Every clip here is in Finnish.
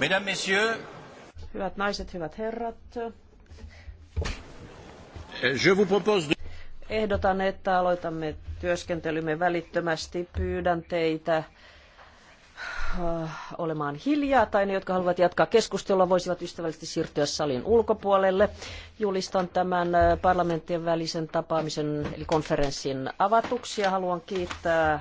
Mesdames, messieurs. Hyvät naiset, hyvät herrat. Je vous propose de... Ehdotan, että aloitamme työskentelymme välittömästi. Pyydän teitä äh, olemaan hiljaa, tai ne, jotka haluavat jatkaa keskustelua, voisivat ystävällisesti siirtyä salin ulkopuolelle. Julistan tämän äh, parlamenttien välisen tapaamisen, eli konferenssin avatuksi, ja haluan kiittää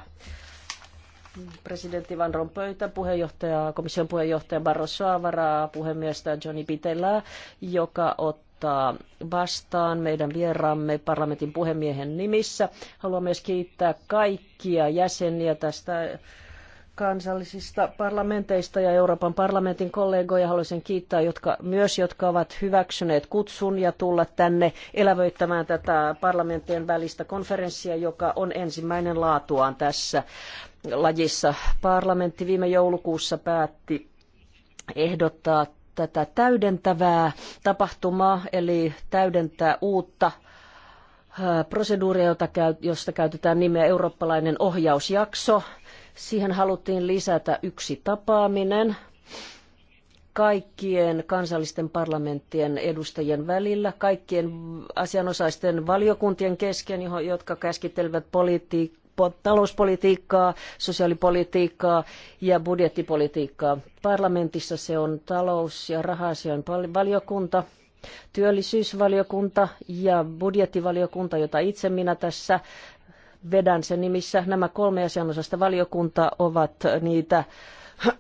presidentti Van Rompuyta, puheenjohtaja, komission puheenjohtaja Barrosoa, varaa puhemiestä Johnny Pitellää, joka ottaa vastaan meidän vieraamme parlamentin puhemiehen nimissä. Haluan myös kiittää kaikkia jäseniä tästä kansallisista parlamenteista ja Euroopan parlamentin kollegoja haluaisin kiittää, jotka, myös jotka ovat hyväksyneet kutsun ja tulla tänne elävöittämään tätä parlamenttien välistä konferenssia, joka on ensimmäinen laatuaan tässä lajissa. Parlamentti viime joulukuussa päätti ehdottaa tätä täydentävää tapahtumaa, eli täydentää uutta proseduuria, josta käytetään nimeä eurooppalainen ohjausjakso. Siihen haluttiin lisätä yksi tapaaminen kaikkien kansallisten parlamenttien edustajien välillä, kaikkien asianosaisten valiokuntien kesken, jotka käskittelevät politiikkaa talouspolitiikkaa, sosiaalipolitiikkaa ja budjettipolitiikkaa. Parlamentissa se on talous- ja raha valiokunta, työllisyysvaliokunta ja budjettivaliokunta, jota itse minä tässä vedän sen nimissä. Nämä kolme asianosasta valiokuntaa ovat niitä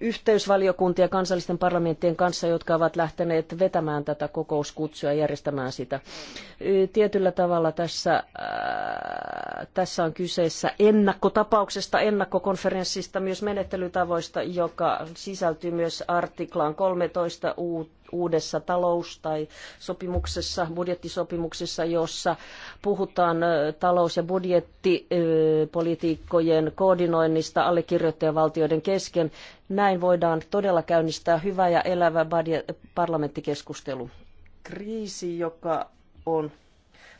yhteysvaliokuntia kansallisten parlamenttien kanssa, jotka ovat lähteneet vetämään tätä kokouskutsua ja järjestämään sitä. Tietyllä tavalla tässä, tässä on kyseessä ennakkotapauksesta, ennakkokonferenssista, myös menettelytavoista, joka sisältyy myös artiklaan 13 uut uudessa talous- tai sopimuksessa, budjettisopimuksessa, jossa puhutaan talous- ja budjettipolitiikkojen koordinoinnista allekirjoittajavaltioiden kesken. Näin voidaan todella käynnistää hyvä ja elävä parlamenttikeskustelu. Kriisi, joka on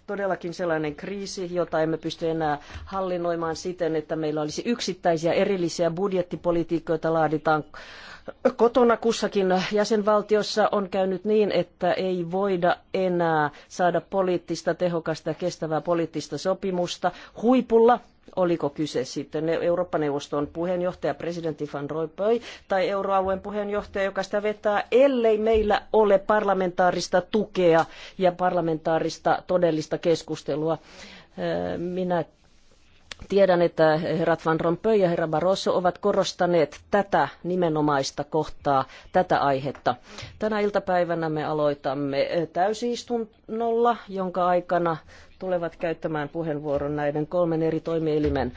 todellakin sellainen kriisi, jota emme pysty enää hallinnoimaan siten, että meillä olisi yksittäisiä erillisiä budjettipolitiikkoja, joita laaditaan kotona kussakin jäsenvaltiossa on käynyt niin, että ei voida enää saada poliittista, tehokasta ja kestävää poliittista sopimusta huipulla oliko kyse sitten Eurooppa-neuvoston puheenjohtaja presidentti Van Rompuy tai euroalueen puheenjohtaja, joka sitä vetää, ellei meillä ole parlamentaarista tukea ja parlamentaarista todellista keskustelua. Minä Tiedän, että herrat Van Rompuy ja herra Barroso ovat korostaneet tätä nimenomaista kohtaa, tätä aihetta. Tänä iltapäivänä me aloitamme täysistunnolla, jonka aikana tulevat käyttämään puheenvuoron näiden kolmen eri toimielimen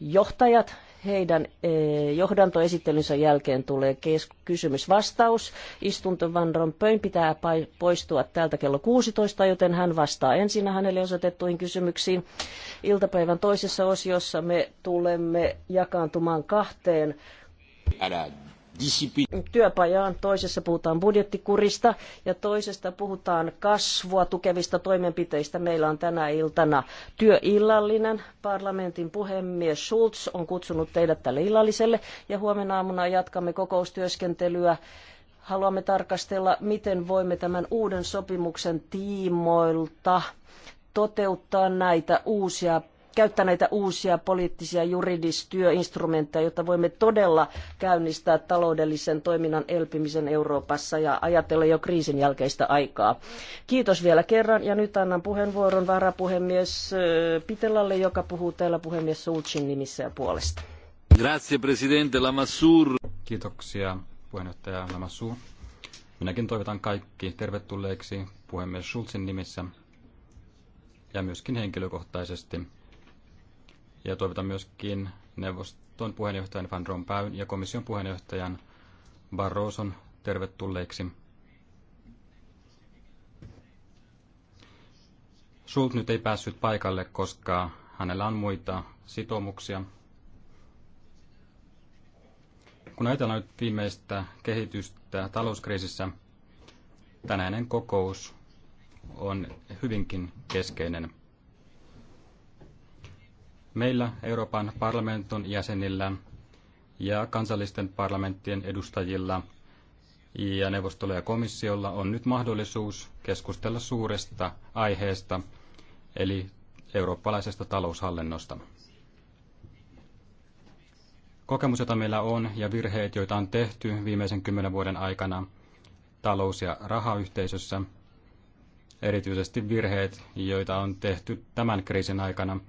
johtajat, heidän eh, johdantoesittelynsä jälkeen tulee kysymys-vastaus. Istunto Van Rompuyn pitää poistua täältä kello 16, joten hän vastaa ensin hänelle osoitettuihin kysymyksiin. Iltapäivän toisessa osiossa me tulemme jakaantumaan kahteen työpajaan. Toisessa puhutaan budjettikurista ja toisesta puhutaan kasvua tukevista toimenpiteistä. Meillä on tänä iltana työillallinen. Parlamentin puhemies Schulz on kutsunut teidät tälle illalliselle ja huomenna aamuna jatkamme kokoustyöskentelyä haluamme tarkastella, miten voimme tämän uuden sopimuksen tiimoilta toteuttaa näitä uusia käyttää näitä uusia poliittisia juridistyöinstrumentteja, jotta voimme todella käynnistää taloudellisen toiminnan elpymisen Euroopassa ja ajatella jo kriisin jälkeistä aikaa. Kiitos vielä kerran ja nyt annan puheenvuoron varapuhemies äh, Pitelalle, joka puhuu täällä puhemies Sulcin nimissä ja puolesta. Grazie presidente Lamassur. Kiitoksia puheenjohtaja Lamassur. Minäkin toivotan kaikki tervetulleeksi puhemies Schulzin nimissä ja myöskin henkilökohtaisesti ja toivotan myöskin neuvoston puheenjohtajan Van Rompuyn ja komission puheenjohtajan Barroson tervetulleiksi. Sult nyt ei päässyt paikalle, koska hänellä on muita sitoumuksia. Kun ajatellaan nyt viimeistä kehitystä talouskriisissä, tänäinen kokous on hyvinkin keskeinen. Meillä Euroopan parlamentin jäsenillä ja kansallisten parlamenttien edustajilla ja neuvostolla ja komissiolla on nyt mahdollisuus keskustella suuresta aiheesta, eli eurooppalaisesta taloushallinnosta. Kokemus, jota meillä on, ja virheet, joita on tehty viimeisen kymmenen vuoden aikana talous- ja rahayhteisössä, erityisesti virheet, joita on tehty tämän kriisin aikana –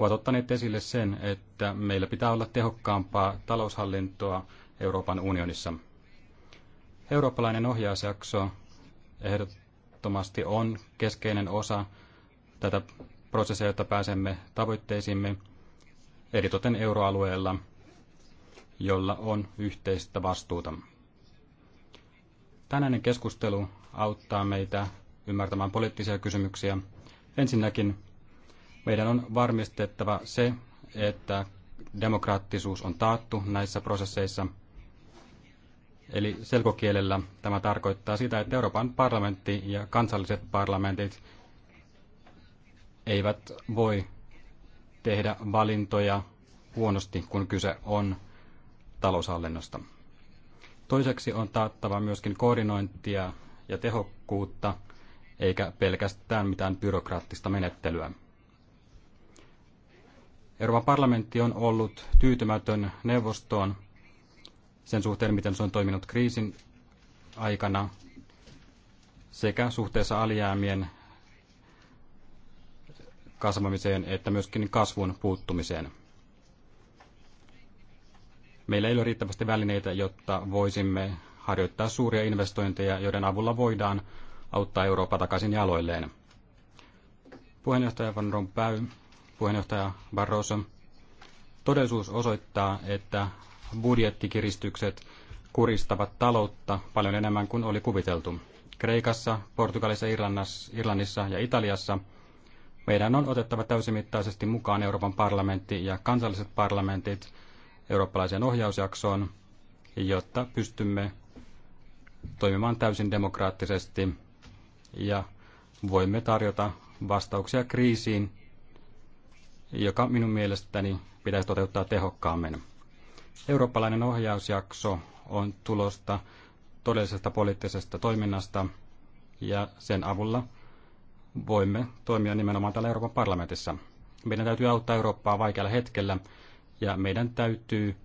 ovat ottaneet esille sen, että meillä pitää olla tehokkaampaa taloushallintoa Euroopan unionissa. Eurooppalainen ohjausjakso ehdottomasti on keskeinen osa tätä prosessia, jotta pääsemme tavoitteisiimme eritoten euroalueella, jolla on yhteistä vastuuta. Tänäinen keskustelu auttaa meitä ymmärtämään poliittisia kysymyksiä. Ensinnäkin meidän on varmistettava se, että demokraattisuus on taattu näissä prosesseissa. Eli selkokielellä tämä tarkoittaa sitä, että Euroopan parlamentti ja kansalliset parlamentit eivät voi tehdä valintoja huonosti, kun kyse on taloushallinnosta. Toiseksi on taattava myöskin koordinointia ja tehokkuutta, eikä pelkästään mitään byrokraattista menettelyä. Euroopan parlamentti on ollut tyytymätön neuvostoon sen suhteen, miten se on toiminut kriisin aikana sekä suhteessa alijäämien kasvamiseen että myöskin kasvun puuttumiseen. Meillä ei ole riittävästi välineitä, jotta voisimme harjoittaa suuria investointeja, joiden avulla voidaan auttaa Eurooppa takaisin jaloilleen. Puheenjohtaja Van Rompuy puheenjohtaja Barroso. Todellisuus osoittaa, että budjettikiristykset kuristavat taloutta paljon enemmän kuin oli kuviteltu. Kreikassa, Portugalissa, Irlannissa ja Italiassa meidän on otettava täysimittaisesti mukaan Euroopan parlamentti ja kansalliset parlamentit eurooppalaiseen ohjausjaksoon, jotta pystymme toimimaan täysin demokraattisesti ja voimme tarjota vastauksia kriisiin, joka minun mielestäni pitäisi toteuttaa tehokkaammin. Eurooppalainen ohjausjakso on tulosta todellisesta poliittisesta toiminnasta ja sen avulla voimme toimia nimenomaan täällä Euroopan parlamentissa. Meidän täytyy auttaa Eurooppaa vaikealla hetkellä ja meidän täytyy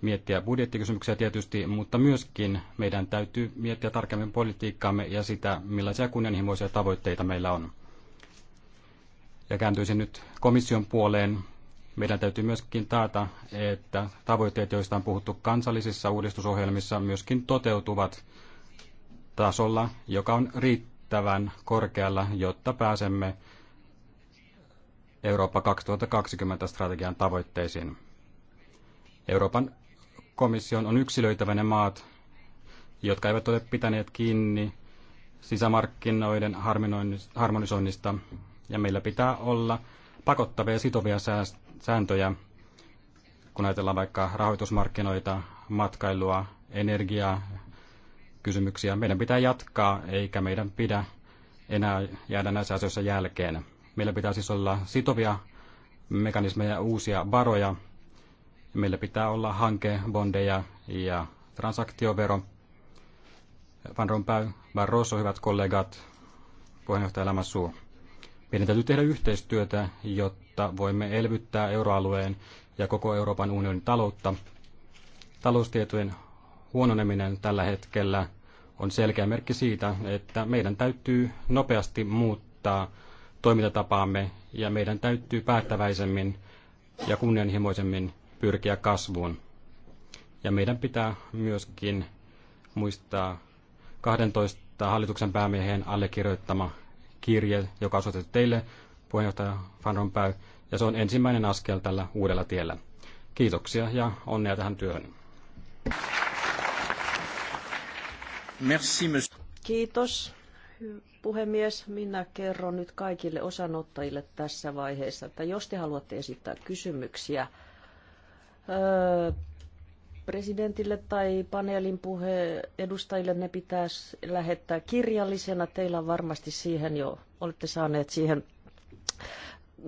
miettiä budjettikysymyksiä tietysti, mutta myöskin meidän täytyy miettiä tarkemmin politiikkaamme ja sitä, millaisia kunnianhimoisia tavoitteita meillä on. Ja kääntyisin nyt komission puoleen. Meidän täytyy myöskin taata, että tavoitteet, joista on puhuttu kansallisissa uudistusohjelmissa, myöskin toteutuvat tasolla, joka on riittävän korkealla, jotta pääsemme Eurooppa 2020 strategian tavoitteisiin. Euroopan komission on yksilöitävä ne maat, jotka eivät ole pitäneet kiinni sisämarkkinoiden harmonisoinnista ja meillä pitää olla pakottavia ja sitovia sääntöjä, kun ajatellaan vaikka rahoitusmarkkinoita, matkailua, energiaa, kysymyksiä. Meidän pitää jatkaa, eikä meidän pidä enää jäädä näissä asioissa jälkeen. Meillä pitää siis olla sitovia mekanismeja, uusia varoja. Meillä pitää olla hanke, bondeja ja transaktiovero. Van Rompuy, Barroso, hyvät kollegat, puheenjohtaja Lämäsuu. Meidän täytyy tehdä yhteistyötä, jotta voimme elvyttää euroalueen ja koko Euroopan unionin taloutta. Taloustietojen huononeminen tällä hetkellä on selkeä merkki siitä, että meidän täytyy nopeasti muuttaa toimintatapaamme ja meidän täytyy päättäväisemmin ja kunnianhimoisemmin pyrkiä kasvuun. Ja meidän pitää myöskin muistaa 12 hallituksen päämiehen allekirjoittama kirje, joka osoitettu teille, puheenjohtaja Van Rompuy, ja se on ensimmäinen askel tällä uudella tiellä. Kiitoksia ja onnea tähän työhön. Merci, Kiitos, puhemies. Minä kerron nyt kaikille osanottajille tässä vaiheessa, että jos te haluatte esittää kysymyksiä öö, presidentille tai paneelin puhe edustajille ne pitäisi lähettää kirjallisena. Teillä on varmasti siihen jo, olette saaneet siihen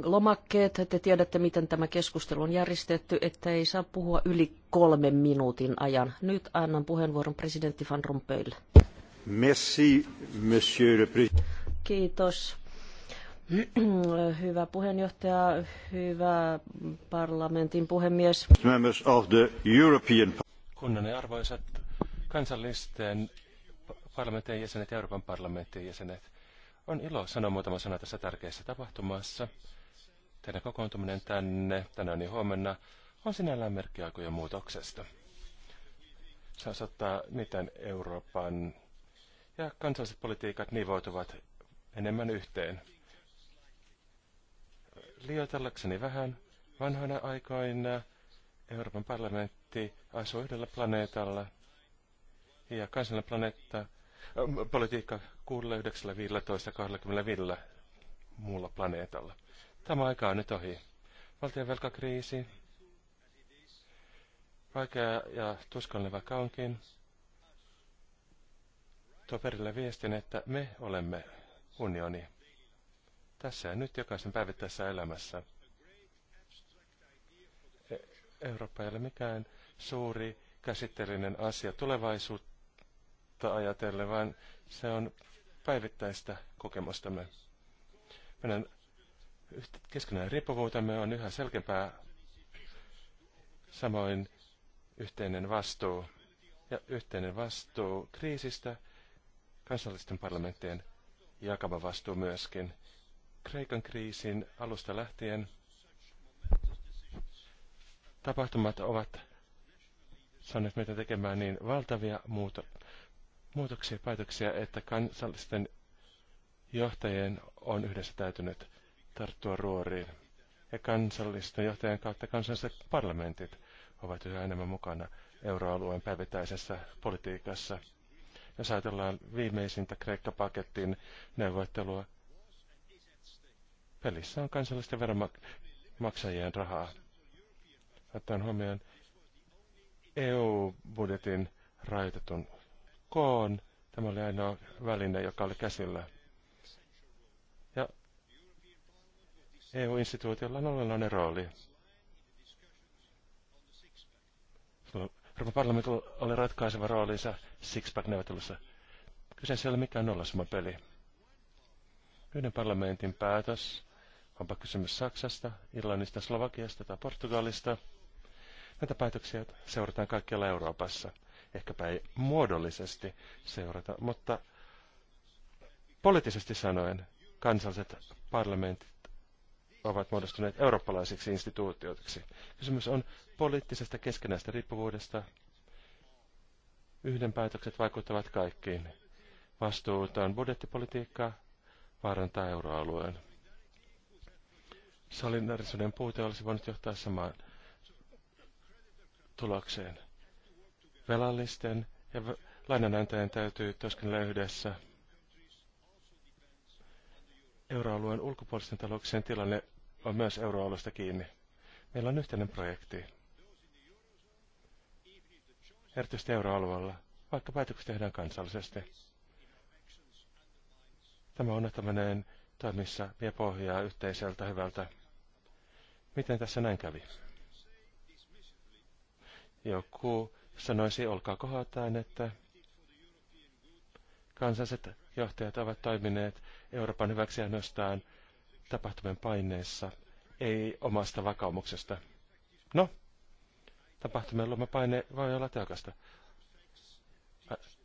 lomakkeet. Te tiedätte, miten tämä keskustelu on järjestetty, että ei saa puhua yli kolmen minuutin ajan. Nyt annan puheenvuoron presidentti Van Rompuylle. Merci, monsieur le Kiitos Hyvä puheenjohtaja, hyvä parlamentin puhemies. Members of the European... Kunnan arvoisat kansallisten parlamentin jäsenet ja Euroopan parlamentin jäsenet. On ilo sanoa muutama sana tässä tärkeässä tapahtumassa. Teidän kokoontuminen tänne tänään ja huomenna on sinällään merkki aikojen muutoksesta. Se osoittaa, miten Euroopan ja kansalliset politiikat nivoutuvat enemmän yhteen liioitellakseni vähän, vanhoina aikoina Euroopan parlamentti asui yhdellä planeetalla ja kansallinen planeetta, äh, politiikka 6.9.15.25 muulla planeetalla. Tämä aika on nyt ohi. Valtion velkakriisi, vaikea ja tuskallinen vaikka onkin, tuo perille viestin, että me olemme unioni tässä ja nyt jokaisen päivittäisessä elämässä. E- Eurooppa ei ole mikään suuri käsitteellinen asia tulevaisuutta ajatellen, vaan se on päivittäistä kokemustamme. Meidän keskenään riippuvuutemme on yhä selkeämpää, samoin yhteinen vastuu ja yhteinen vastuu kriisistä, kansallisten parlamenttien jakava vastuu myöskin. Kreikan kriisin alusta lähtien tapahtumat ovat saaneet meitä tekemään niin valtavia muuto muutoksia ja päätöksiä, että kansallisten johtajien on yhdessä täytynyt tarttua ruoriin. Ja kansallisten johtajien kautta kansalliset parlamentit ovat yhä enemmän mukana euroalueen päivittäisessä politiikassa. Jos ajatellaan viimeisintä Kreikka-paketin neuvottelua, Pelissä on kansallisten veronmaksajien rahaa. Ottaen huomioon EU-budjetin rajoitetun koon, tämä oli ainoa väline, joka oli käsillä. Ja EU-instituutiolla on olennainen rooli. Euroopan parlamentilla oli ratkaiseva roolinsa Sixpack-neuvottelussa. Kyseessä ei ole mikään nollasumma peli. Yhden parlamentin päätös Onpa kysymys Saksasta, Irlannista, Slovakiasta tai Portugalista. Näitä päätöksiä seurataan kaikkialla Euroopassa. Ehkäpä ei muodollisesti seurata, mutta poliittisesti sanoen kansalliset parlamentit ovat muodostuneet eurooppalaisiksi instituutioiksi. Kysymys on poliittisesta keskenäistä riippuvuudesta. Yhden päätökset vaikuttavat kaikkiin. Vastuutaan budjettipolitiikkaa vaarantaa euroalueen. Solidarisuuden puute olisi voinut johtaa samaan tulokseen. Velallisten ja lainanantajien täytyy työskennellä yhdessä. Euroalueen ulkopuolisten talouksien tilanne on myös euroalueesta kiinni. Meillä on yhteinen projekti. Erityisesti euroalueella, vaikka päätökset tehdään kansallisesti. Tämä onnettomuuden toimissa vie pohjaa yhteiseltä hyvältä Miten tässä näin kävi? Joku sanoisi, olkaa kohotain, että kansalliset johtajat ovat toimineet Euroopan hyväksi ainoastaan tapahtumien paineessa, ei omasta vakaumuksesta. No, tapahtumien luoma paine voi olla teokasta.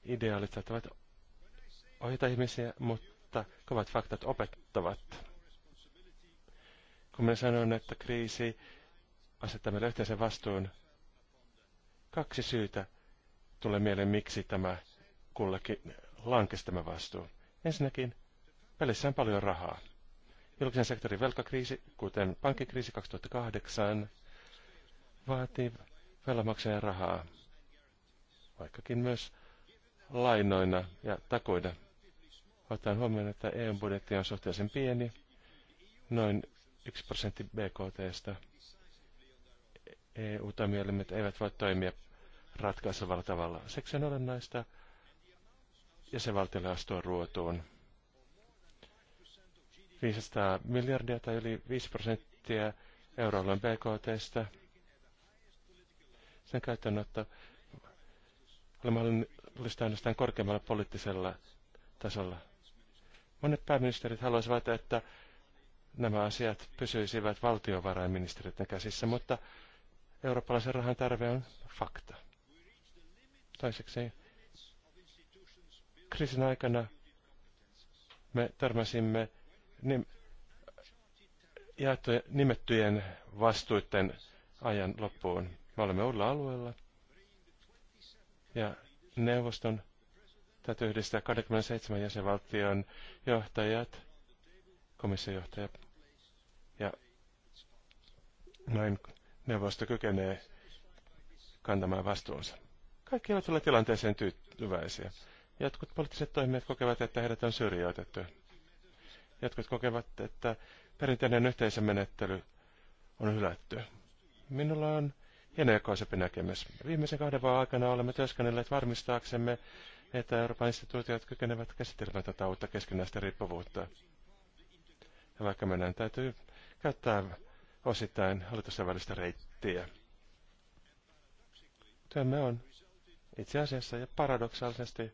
Ideaalit saattavat ohjata ihmisiä, mutta kovat faktat opettavat. Kun minä sanon, että kriisi asettaa meille yhteisen vastuun, kaksi syytä tulee mieleen, miksi tämä kullekin lankesi tämä vastuu. Ensinnäkin, pelissä on paljon rahaa. Julkisen sektorin velkakriisi, kuten pankkikriisi 2008, vaatii velamaksajan rahaa, vaikkakin myös lainoina ja takuina. Otetaan huomioon, että EU-budjetti on suhteellisen pieni, noin yksi prosentti BKTstä. EU-toimielimet eivät voi toimia ratkaisevalla tavalla. Seksi on olennaista ja se valtiolle astua ruotuun. 500 miljardia tai yli 5 prosenttia euroalueen BKTstä. Sen käyttöönotto oli mahdollista ainoastaan korkeammalla poliittisella tasolla. Monet pääministerit haluaisivat, että nämä asiat pysyisivät valtiovarainministeriöiden käsissä, mutta eurooppalaisen rahan tarve on fakta. Toiseksi kriisin aikana me törmäsimme nim- jaettujen, nimettyjen vastuiden ajan loppuun. Me olemme uudella alueella ja neuvoston täytyy yhdistää 27 jäsenvaltion johtajat, komissiojohtajat näin neuvosto kykenee kantamaan vastuunsa. Kaikki eivät ole tilanteeseen tyytyväisiä. Jotkut poliittiset toimijat kokevat, että heidät on syrjäytetty. Jotkut kokevat, että perinteinen yhteisömenettely on hylätty. Minulla on hienojakaisempi näkemys. Viimeisen kahden vuoden aikana olemme työskennelleet varmistaaksemme, että Euroopan instituutiot kykenevät käsittelemään tätä uutta keskinäistä riippuvuutta. Ja vaikka meidän täytyy käyttää osittain hallitusten välistä reittiä. Työmme on itse asiassa ja paradoksaalisesti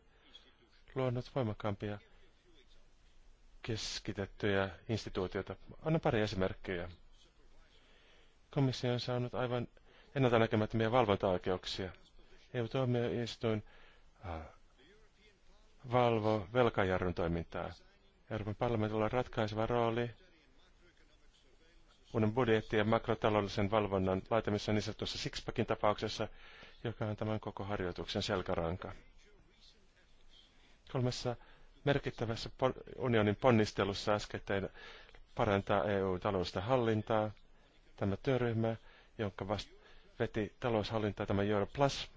luonut voimakkaampia keskitettyjä instituutioita. Anna pari esimerkkiä. Komissio on saanut aivan ennalta näkemättömiä valvontaoikeuksia. EU-tuomioistuin valvo velkajarrun toimintaa. Euroopan parlamentilla on ratkaiseva rooli uuden budjetti- ja makrotaloudellisen valvonnan laitamissa niin sanotussa Sixpackin tapauksessa, joka on tämän koko harjoituksen selkäranka. Kolmessa merkittävässä unionin ponnistelussa äskettäin parantaa EU-talousta hallintaa, tämä työryhmä, jonka vast veti taloushallintaa tämä Europlus,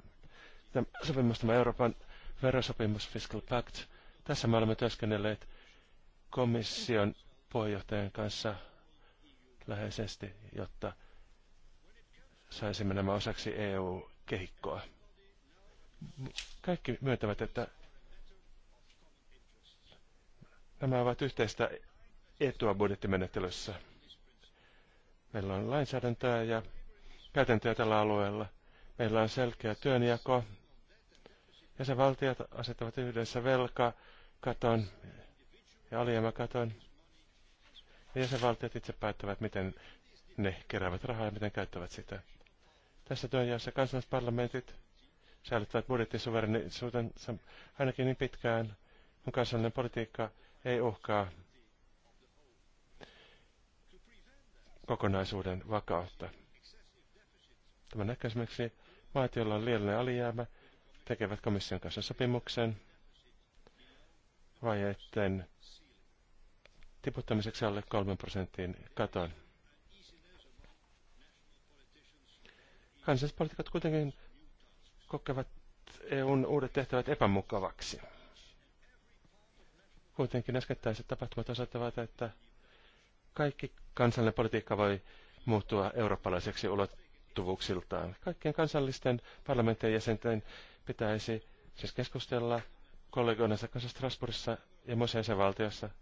tämä sopimus, tämä Euroopan verosopimus Fiscal Pact. Tässä me olemme työskennelleet komission puheenjohtajan kanssa läheisesti, jotta saisimme nämä osaksi EU-kehikkoa. Kaikki myöntävät, että nämä ovat yhteistä etua budjettimenettelyssä. Meillä on lainsäädäntöä ja käytäntöä tällä alueella. Meillä on selkeä työnjako. Jäsenvaltiot asettavat yhdessä velka, katon ja alijäämäkaton. Ja jäsenvaltiot itse päättävät, miten ne keräävät rahaa ja miten käyttävät sitä. Tässä työnjaossa kansallisparlamentit säilyttävät budjettisuverenisuutensa ainakin niin pitkään, kun kansallinen politiikka ei uhkaa kokonaisuuden vakautta. Tämä näkyy esimerkiksi maat, joilla on liiallinen alijäämä, tekevät komission kanssa sopimuksen etten tiputtamiseksi alle 3 prosentin katon. Kansallispolitiikat kuitenkin kokevat EUn uudet tehtävät epämukavaksi. Kuitenkin äskettäiset tapahtumat osoittavat, että kaikki kansallinen politiikka voi muuttua eurooppalaiseksi ulottuvuuksiltaan. Kaikkien kansallisten parlamenttien jäsenten pitäisi siis keskustella kollegoinnassa kanssa Strasbourgissa ja muissa jäsenvaltioissa –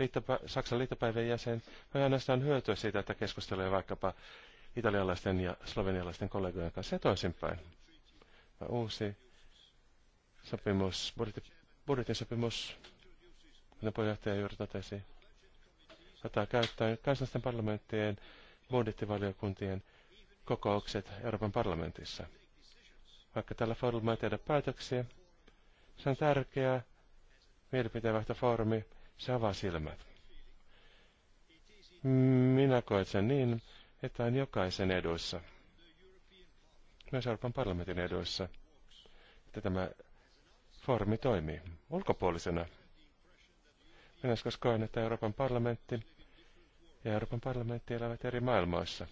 liittopä, Saksan liittopäivien jäsen voi ainoastaan hyötyä siitä, että keskustelee vaikkapa italialaisten ja slovenialaisten kollegojen kanssa ja toisinpäin. Uusi sopimus, budjetti, budjetin sopimus, kuten puheenjohtaja juuri totesi, ottaa käyttöön kansallisten parlamenttien budjettivaliokuntien kokoukset Euroopan parlamentissa. Vaikka tällä foorumilla ei tehdä päätöksiä, se on tärkeä mielipiteenvaihtofoorumi se avaa silmät. Minä koet sen niin, että on jokaisen eduissa, myös Euroopan parlamentin eduissa, että tämä formi toimii ulkopuolisena. Minä joskus koen, että Euroopan parlamentti ja Euroopan parlamentti elävät eri maailmoissa.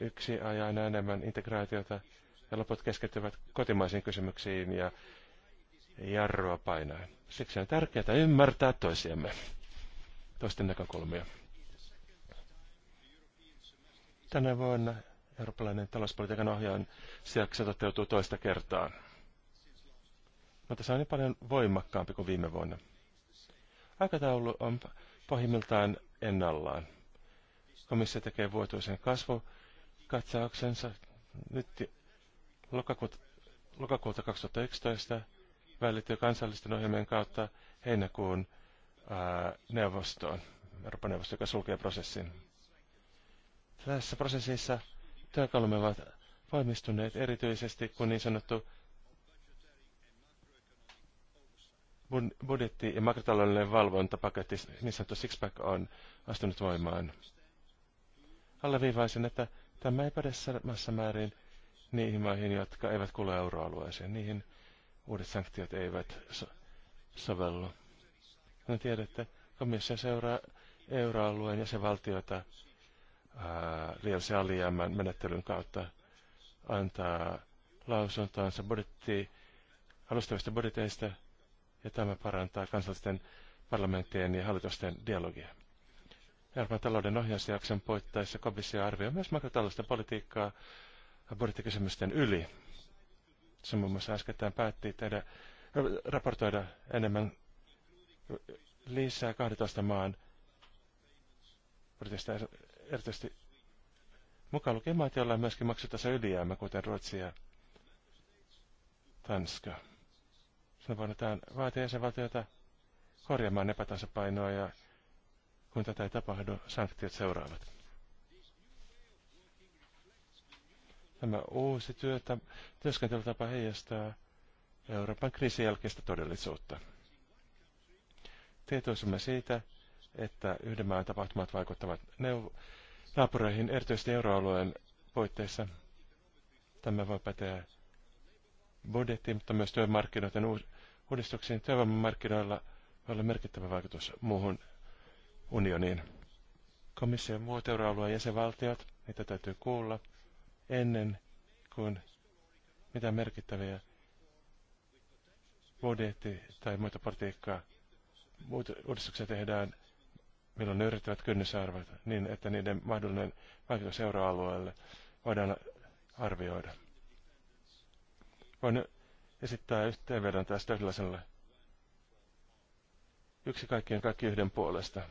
Yksi ajaa enemmän integraatiota ja loput keskittyvät kotimaisiin kysymyksiin ja jarrua painaa. Siksi on tärkeää ymmärtää toisiamme, toisten näkökulmia. Tänä vuonna eurooppalainen talouspolitiikan ohjaan sijaksi toteutuu toista kertaa. Mutta no, se on niin paljon voimakkaampi kuin viime vuonna. Aikataulu on pohjimmiltaan ennallaan. Komissio tekee vuotuisen kasvukatsauksensa nyt lokakuuta, lokakuuta 2011 välittyy kansallisten ohjelmien kautta heinäkuun neuvostoon, Euroopan neuvosto, joka sulkee prosessin. Tässä prosessissa työkalumme ovat valmistuneet erityisesti, kun niin sanottu budjetti- ja makrotaloudellinen valvontapaketti, niin sanottu Sixpack, on astunut voimaan. Alleviivaisin, että tämä ei päde samassa määrin niihin maihin, jotka eivät kuulu euroalueeseen, niihin uudet sanktiot eivät so- sovellu. No tiedätte, komissio seuraa euroalueen valtioita liiallisen alijäämän menettelyn kautta antaa lausuntoansa budjetti, alustavista budjeteista, ja tämä parantaa kansallisten parlamenttien ja hallitusten dialogia. Euroopan talouden ohjausjakson poittaessa komissio arvioi myös makrotaloudellista politiikkaa budjettikysymysten yli se muun muassa äskettäin päätti tehdä, raportoida enemmän lisää 12 maan yritystä erityisesti mukaan lukien maat, joilla on myöskin maksutasa ylijäämä, kuten Ruotsi ja Tanska. Sen voidaan vaatia jäsenvaltiota korjaamaan epätasapainoa ja kun tätä ei tapahdu, sanktiot seuraavat. Tämä uusi työtä, työskentelytapa heijastaa Euroopan kriisin jälkeistä todellisuutta. Tietoisimme siitä, että yhden maan tapahtumat vaikuttavat neuv- naapureihin, erityisesti euroalueen puitteissa. Tämä voi päteä budjettiin, mutta myös työmarkkinoiden uudistuksiin. Työvoimamarkkinoilla voi olla merkittävä vaikutus muuhun unioniin. Komission muut euroalueen jäsenvaltiot, niitä täytyy kuulla – ennen kuin mitään merkittäviä budjetti- tai muita politiikkaa muita uudistuksia tehdään, milloin ne yrittävät kynnysarvoita, niin että niiden mahdollinen vaikutus euroalueelle voidaan arvioida. Voin esittää yhteenvedon tästä yhdellä Yksi kaikkien kaikki yhden puolesta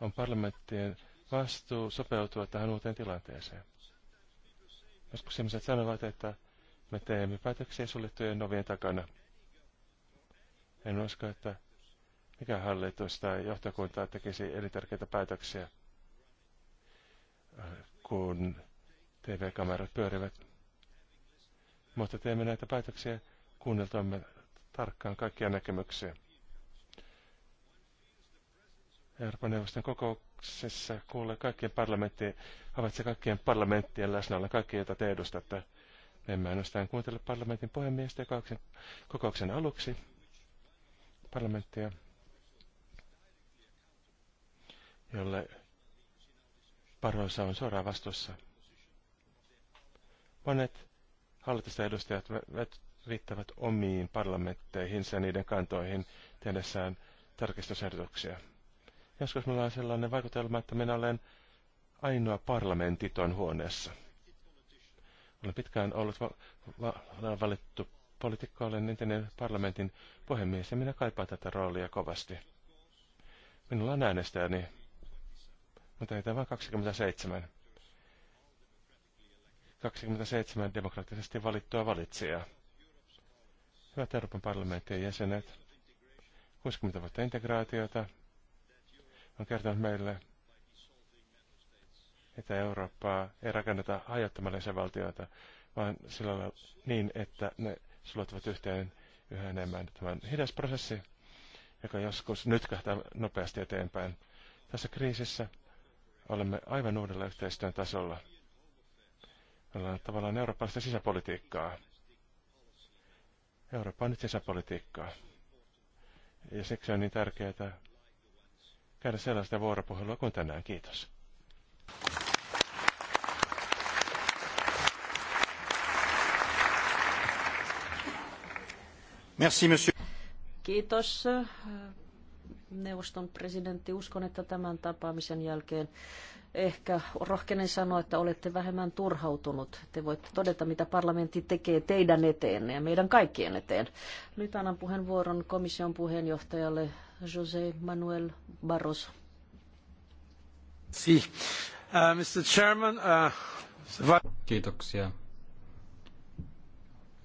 on parlamenttien vastuu sopeutua tähän uuteen tilanteeseen. Joskus ihmiset sanovat, että me teemme päätöksiä suljettujen ovien takana. En usko, että mikä hallitus tai johtokunta tekisi elintärkeitä päätöksiä, kun TV-kamerat pyörivät. Mutta teemme näitä päätöksiä kuunneltamme tarkkaan kaikkia näkemyksiä. Euroopan neuvoston koko kokouksessa kuulee kaikkien parlamenttien, havaitsee kaikkien parlamenttien olla kaikki, joita te edustatte. Me emme ainoastaan kuuntele parlamentin puhemiestä kokouksen, kokouksen aluksi parlamenttia, jolle paroissa on suoraan vastuussa. Monet hallitusten edustajat viittavat omiin parlamentteihinsa ja niiden kantoihin tehdessään tarkistusehdotuksia. Joskus minulla on sellainen vaikutelma, että minä olen ainoa parlamentiton huoneessa. Olen pitkään ollut va- va- valittu poliitikko, olen entinen parlamentin puhemies ja minä kaipaan tätä roolia kovasti. Minulla on äänestäjäni, mutta heitä vain 27. 27 demokraattisesti valittua valitsijaa. Hyvät Euroopan parlamentin jäsenet, 60 vuotta integraatiota, on kertonut meille, että Eurooppaa ei rakenneta hajottamalla jäsenvaltioita, vaan sillä lailla niin, että ne sulottavat yhteen yhä enemmän. Tämä on hidas prosessi, joka joskus nyt kähtää nopeasti eteenpäin. Tässä kriisissä olemme aivan uudella yhteistyön tasolla. Meillä on tavallaan eurooppalaista sisäpolitiikkaa. Eurooppa on nyt sisäpolitiikkaa. Ja siksi on niin tärkeää käydä sellaista vuoropuhelua kuin tänään. Kiitos. Merci, monsieur. Kiitos neuvoston presidentti. Uskon, että tämän tapaamisen jälkeen ehkä rohkenen sanoa, että olette vähemmän turhautunut. Te voitte todeta, mitä parlamentti tekee teidän eteenne ja meidän kaikkien eteen. Nyt annan puheenvuoron komission puheenjohtajalle José Manuel Barroso. Uh, uh, Kiitoksia.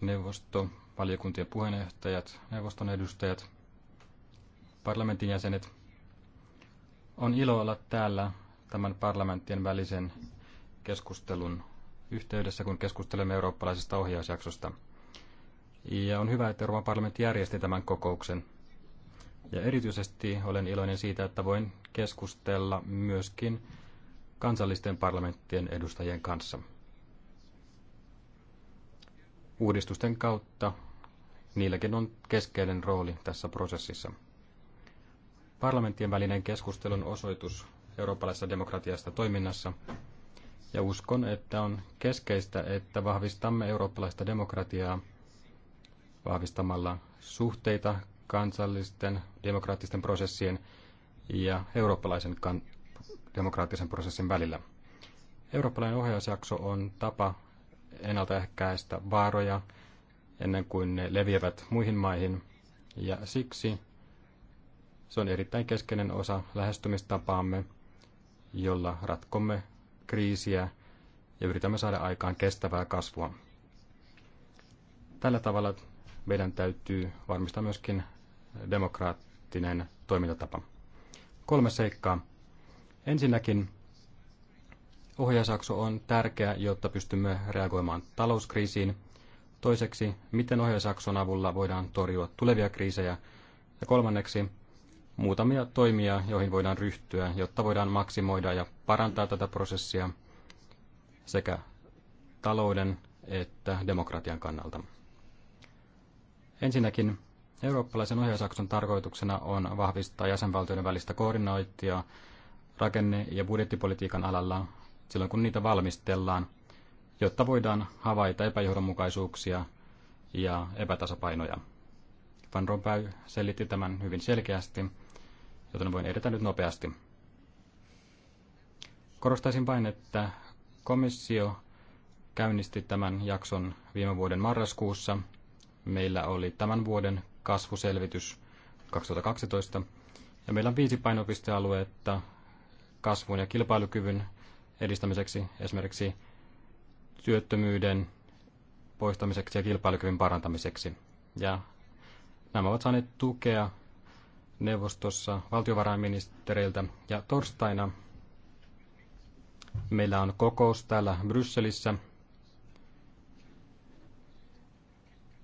Neuvosto, valiokuntien puheenjohtajat, neuvoston edustajat, parlamentin jäsenet. On ilo olla täällä tämän parlamenttien välisen keskustelun yhteydessä, kun keskustelemme eurooppalaisesta ohjausjaksosta. Ja on hyvä, että Euroopan parlamentti järjesti tämän kokouksen. Ja erityisesti olen iloinen siitä, että voin keskustella myöskin kansallisten parlamenttien edustajien kanssa. Uudistusten kautta niilläkin on keskeinen rooli tässä prosessissa. Parlamenttien välinen keskustelun osoitus eurooppalaisessa demokratiasta toiminnassa, ja uskon, että on keskeistä, että vahvistamme eurooppalaista demokratiaa vahvistamalla suhteita kansallisten demokraattisten prosessien ja eurooppalaisen kan- demokraattisen prosessin välillä. Eurooppalainen ohjausjakso on tapa ennaltaehkäistä vaaroja ennen kuin ne leviävät muihin maihin, ja siksi se on erittäin keskeinen osa lähestymistapaamme, jolla ratkomme kriisiä ja yritämme saada aikaan kestävää kasvua. Tällä tavalla meidän täytyy varmistaa myöskin demokraattinen toimintatapa. Kolme seikkaa. Ensinnäkin ohjausjakso on tärkeä, jotta pystymme reagoimaan talouskriisiin. Toiseksi, miten ohjausjakson avulla voidaan torjua tulevia kriisejä. Ja kolmanneksi, muutamia toimia, joihin voidaan ryhtyä, jotta voidaan maksimoida ja parantaa tätä prosessia sekä talouden että demokratian kannalta. Ensinnäkin Eurooppalaisen ohjausakson tarkoituksena on vahvistaa jäsenvaltioiden välistä koordinointia rakenne- ja budjettipolitiikan alalla silloin, kun niitä valmistellaan, jotta voidaan havaita epäjohdonmukaisuuksia ja epätasapainoja. Van Rompuy selitti tämän hyvin selkeästi, joten voin edetä nyt nopeasti. Korostaisin vain, että komissio käynnisti tämän jakson viime vuoden marraskuussa. Meillä oli tämän vuoden kasvuselvitys 2012. Ja meillä on viisi painopistealuetta kasvun ja kilpailukyvyn edistämiseksi, esimerkiksi työttömyyden poistamiseksi ja kilpailukyvyn parantamiseksi. Ja nämä ovat saaneet tukea neuvostossa valtiovarainministeriltä. Ja torstaina meillä on kokous täällä Brysselissä.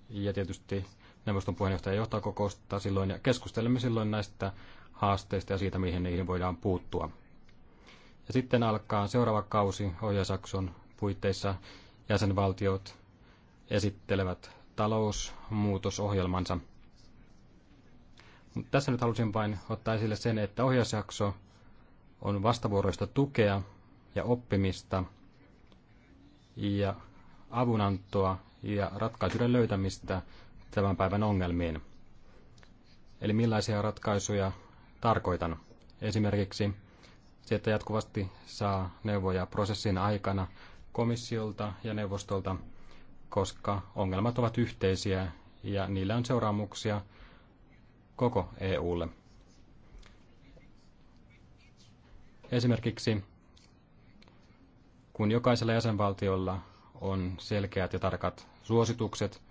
Ja tietysti neuvoston puheenjohtaja johtaa kokousta silloin ja keskustelemme silloin näistä haasteista ja siitä, mihin niihin voidaan puuttua. Ja sitten alkaa seuraava kausi ohjausakson puitteissa. Jäsenvaltiot esittelevät talousmuutosohjelmansa. Mutta tässä nyt halusin vain ottaa esille sen, että ohjausjakso on vastavuoroista tukea ja oppimista ja avunantoa ja ratkaisuiden löytämistä tämän päivän ongelmiin. Eli millaisia ratkaisuja tarkoitan? Esimerkiksi se, että jatkuvasti saa neuvoja prosessin aikana komissiolta ja neuvostolta, koska ongelmat ovat yhteisiä ja niillä on seuraamuksia koko EUlle. Esimerkiksi kun jokaisella jäsenvaltiolla on selkeät ja tarkat suositukset,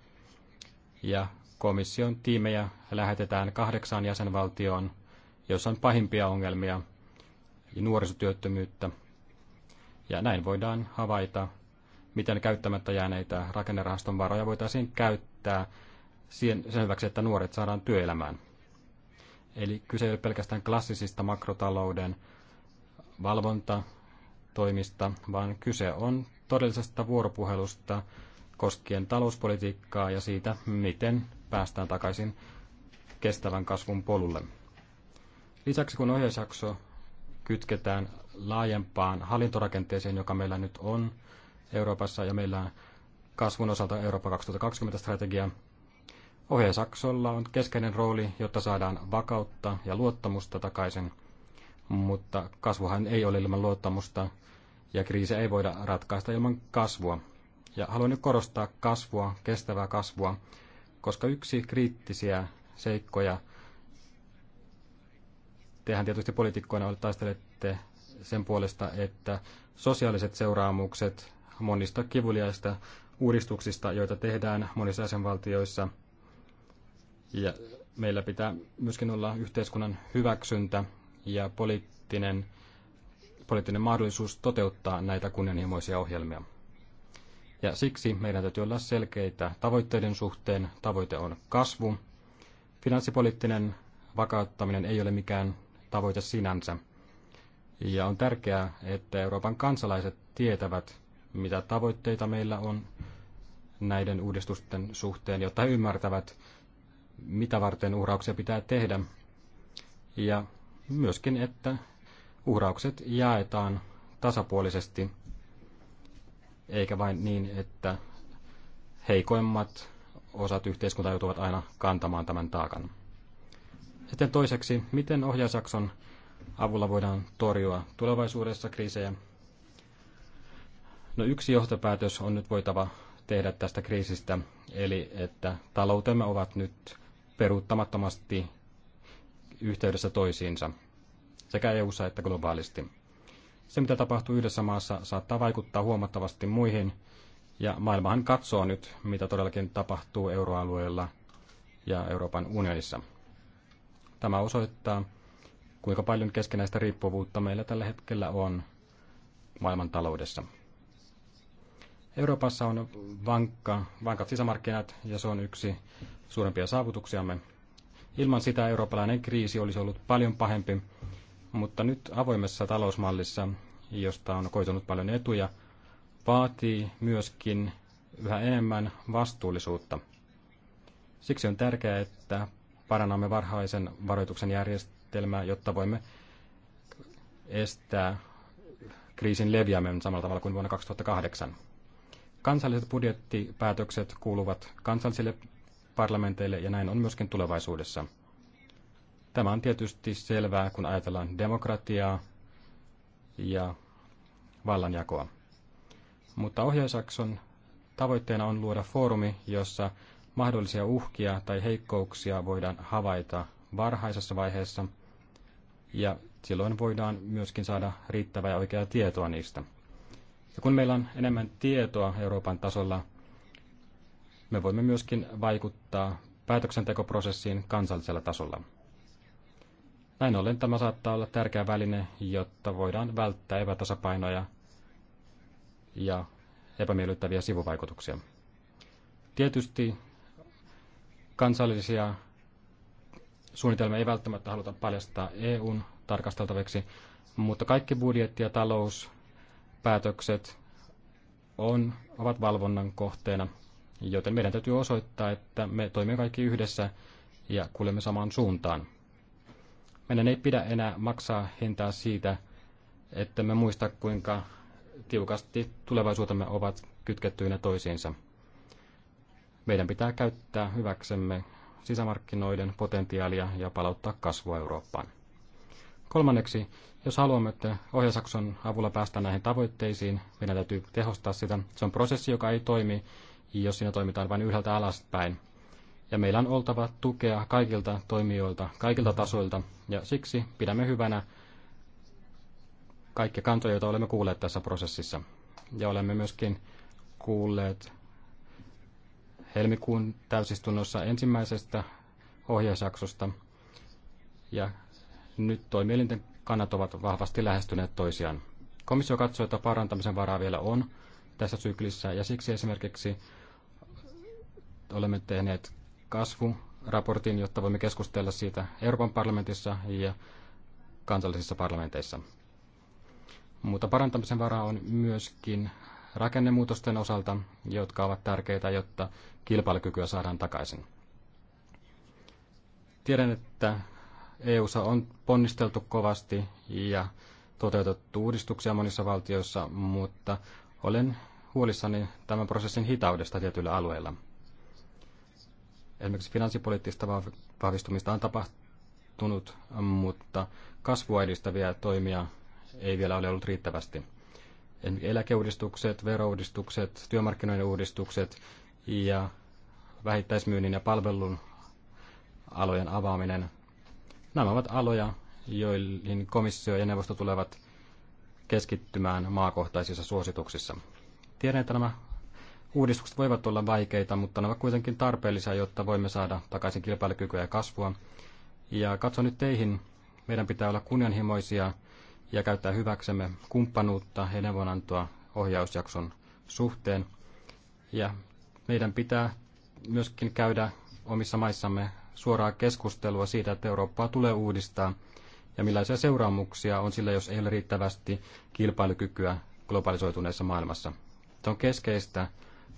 ja komission tiimejä lähetetään kahdeksaan jäsenvaltioon, jossa on pahimpia ongelmia ja nuorisotyöttömyyttä. Ja näin voidaan havaita, miten käyttämättä jääneitä rakennerahaston varoja voitaisiin käyttää sen hyväksi, että nuoret saadaan työelämään. Eli kyse ei ole pelkästään klassisista makrotalouden valvontatoimista, vaan kyse on todellisesta vuoropuhelusta koskien talouspolitiikkaa ja siitä, miten päästään takaisin kestävän kasvun polulle. Lisäksi kun ohjausjakso kytketään laajempaan hallintorakenteeseen, joka meillä nyt on Euroopassa ja meillä on kasvun osalta Eurooppa 2020-strategia, ohjausjaksolla on keskeinen rooli, jotta saadaan vakautta ja luottamusta takaisin, mutta kasvuhan ei ole ilman luottamusta ja kriisi ei voida ratkaista ilman kasvua. Ja haluan nyt korostaa kasvua, kestävää kasvua, koska yksi kriittisiä seikkoja, tehän tietysti poliitikkoina taistelette sen puolesta, että sosiaaliset seuraamukset monista kivuliaista uudistuksista, joita tehdään monissa jäsenvaltioissa, ja meillä pitää myöskin olla yhteiskunnan hyväksyntä ja poliittinen, poliittinen mahdollisuus toteuttaa näitä kunnianhimoisia ohjelmia. Ja siksi meidän täytyy olla selkeitä tavoitteiden suhteen. Tavoite on kasvu. Finanssipoliittinen vakauttaminen ei ole mikään tavoite sinänsä. Ja on tärkeää, että Euroopan kansalaiset tietävät, mitä tavoitteita meillä on näiden uudistusten suhteen, jotta he ymmärtävät, mitä varten uhrauksia pitää tehdä. Ja myöskin, että uhraukset jaetaan tasapuolisesti eikä vain niin, että heikoimmat osat yhteiskuntaa joutuvat aina kantamaan tämän taakan. Sitten toiseksi, miten ohjausjakson avulla voidaan torjua tulevaisuudessa kriisejä? No yksi johtopäätös on nyt voitava tehdä tästä kriisistä, eli että taloutemme ovat nyt peruuttamattomasti yhteydessä toisiinsa, sekä eu että globaalisti. Se, mitä tapahtuu yhdessä maassa, saattaa vaikuttaa huomattavasti muihin, ja maailmahan katsoo nyt, mitä todellakin tapahtuu euroalueella ja Euroopan unionissa. Tämä osoittaa, kuinka paljon keskenäistä riippuvuutta meillä tällä hetkellä on maailman taloudessa. Euroopassa on vankka, vankat sisämarkkinat ja se on yksi suurempia saavutuksiamme. Ilman sitä eurooppalainen kriisi olisi ollut paljon pahempi mutta nyt avoimessa talousmallissa, josta on koitunut paljon etuja, vaatii myöskin yhä enemmän vastuullisuutta. Siksi on tärkeää, että parannamme varhaisen varoituksen järjestelmää, jotta voimme estää kriisin leviäminen samalla tavalla kuin vuonna 2008. Kansalliset budjettipäätökset kuuluvat kansallisille parlamenteille ja näin on myöskin tulevaisuudessa – Tämä on tietysti selvää, kun ajatellaan demokratiaa ja vallanjakoa. Mutta ohjausakson tavoitteena on luoda foorumi, jossa mahdollisia uhkia tai heikkouksia voidaan havaita varhaisessa vaiheessa, ja silloin voidaan myöskin saada riittävää ja oikeaa tietoa niistä. Ja kun meillä on enemmän tietoa Euroopan tasolla, me voimme myöskin vaikuttaa päätöksentekoprosessiin kansallisella tasolla. Näin ollen tämä saattaa olla tärkeä väline, jotta voidaan välttää epätasapainoja ja epämiellyttäviä sivuvaikutuksia. Tietysti kansallisia suunnitelmia ei välttämättä haluta paljastaa EUn tarkasteltaviksi, mutta kaikki budjetti- ja talouspäätökset on, ovat valvonnan kohteena, joten meidän täytyy osoittaa, että me toimimme kaikki yhdessä ja kuljemme samaan suuntaan. Meidän ei pidä enää maksaa hintaa siitä, että me muista kuinka tiukasti tulevaisuutemme ovat kytkettyinä toisiinsa. Meidän pitää käyttää hyväksemme sisämarkkinoiden potentiaalia ja palauttaa kasvua Eurooppaan. Kolmanneksi, jos haluamme, että ohjasakson avulla päästään näihin tavoitteisiin, meidän täytyy tehostaa sitä. Se on prosessi, joka ei toimi, jos siinä toimitaan vain ylhäältä alaspäin ja meillä on oltava tukea kaikilta toimijoilta, kaikilta tasoilta, ja siksi pidämme hyvänä kaikki kantoja, joita olemme kuulleet tässä prosessissa. Ja olemme myöskin kuulleet helmikuun täysistunnossa ensimmäisestä ohjausjaksosta, ja nyt toimielinten kannat ovat vahvasti lähestyneet toisiaan. Komissio katsoo, että parantamisen varaa vielä on tässä syklissä, ja siksi esimerkiksi olemme tehneet kasvuraportin, jotta voimme keskustella siitä Euroopan parlamentissa ja kansallisissa parlamenteissa. Mutta parantamisen varaa on myöskin rakennemuutosten osalta, jotka ovat tärkeitä, jotta kilpailukykyä saadaan takaisin. Tiedän, että EUssa on ponnisteltu kovasti ja toteutettu uudistuksia monissa valtioissa, mutta olen huolissani tämän prosessin hitaudesta tietyillä alueilla – Esimerkiksi finanssipoliittista vahvistumista on tapahtunut, mutta kasvua edistäviä toimia ei vielä ole ollut riittävästi. Eläkeuudistukset, verouudistukset, työmarkkinoiden uudistukset ja vähittäismyynnin ja palvelun alojen avaaminen. Nämä ovat aloja, joihin komissio ja neuvosto tulevat keskittymään maakohtaisissa suosituksissa. Tiedän, että nämä Uudistukset voivat olla vaikeita, mutta ne ovat kuitenkin tarpeellisia, jotta voimme saada takaisin kilpailukykyä ja kasvua. Ja katso nyt teihin. Meidän pitää olla kunnianhimoisia ja käyttää hyväksemme kumppanuutta ja neuvonantoa ohjausjakson suhteen. Ja meidän pitää myöskin käydä omissa maissamme suoraa keskustelua siitä, että Eurooppaa tulee uudistaa ja millaisia seuraamuksia on sillä, jos ei ole riittävästi kilpailukykyä globalisoituneessa maailmassa. Se on keskeistä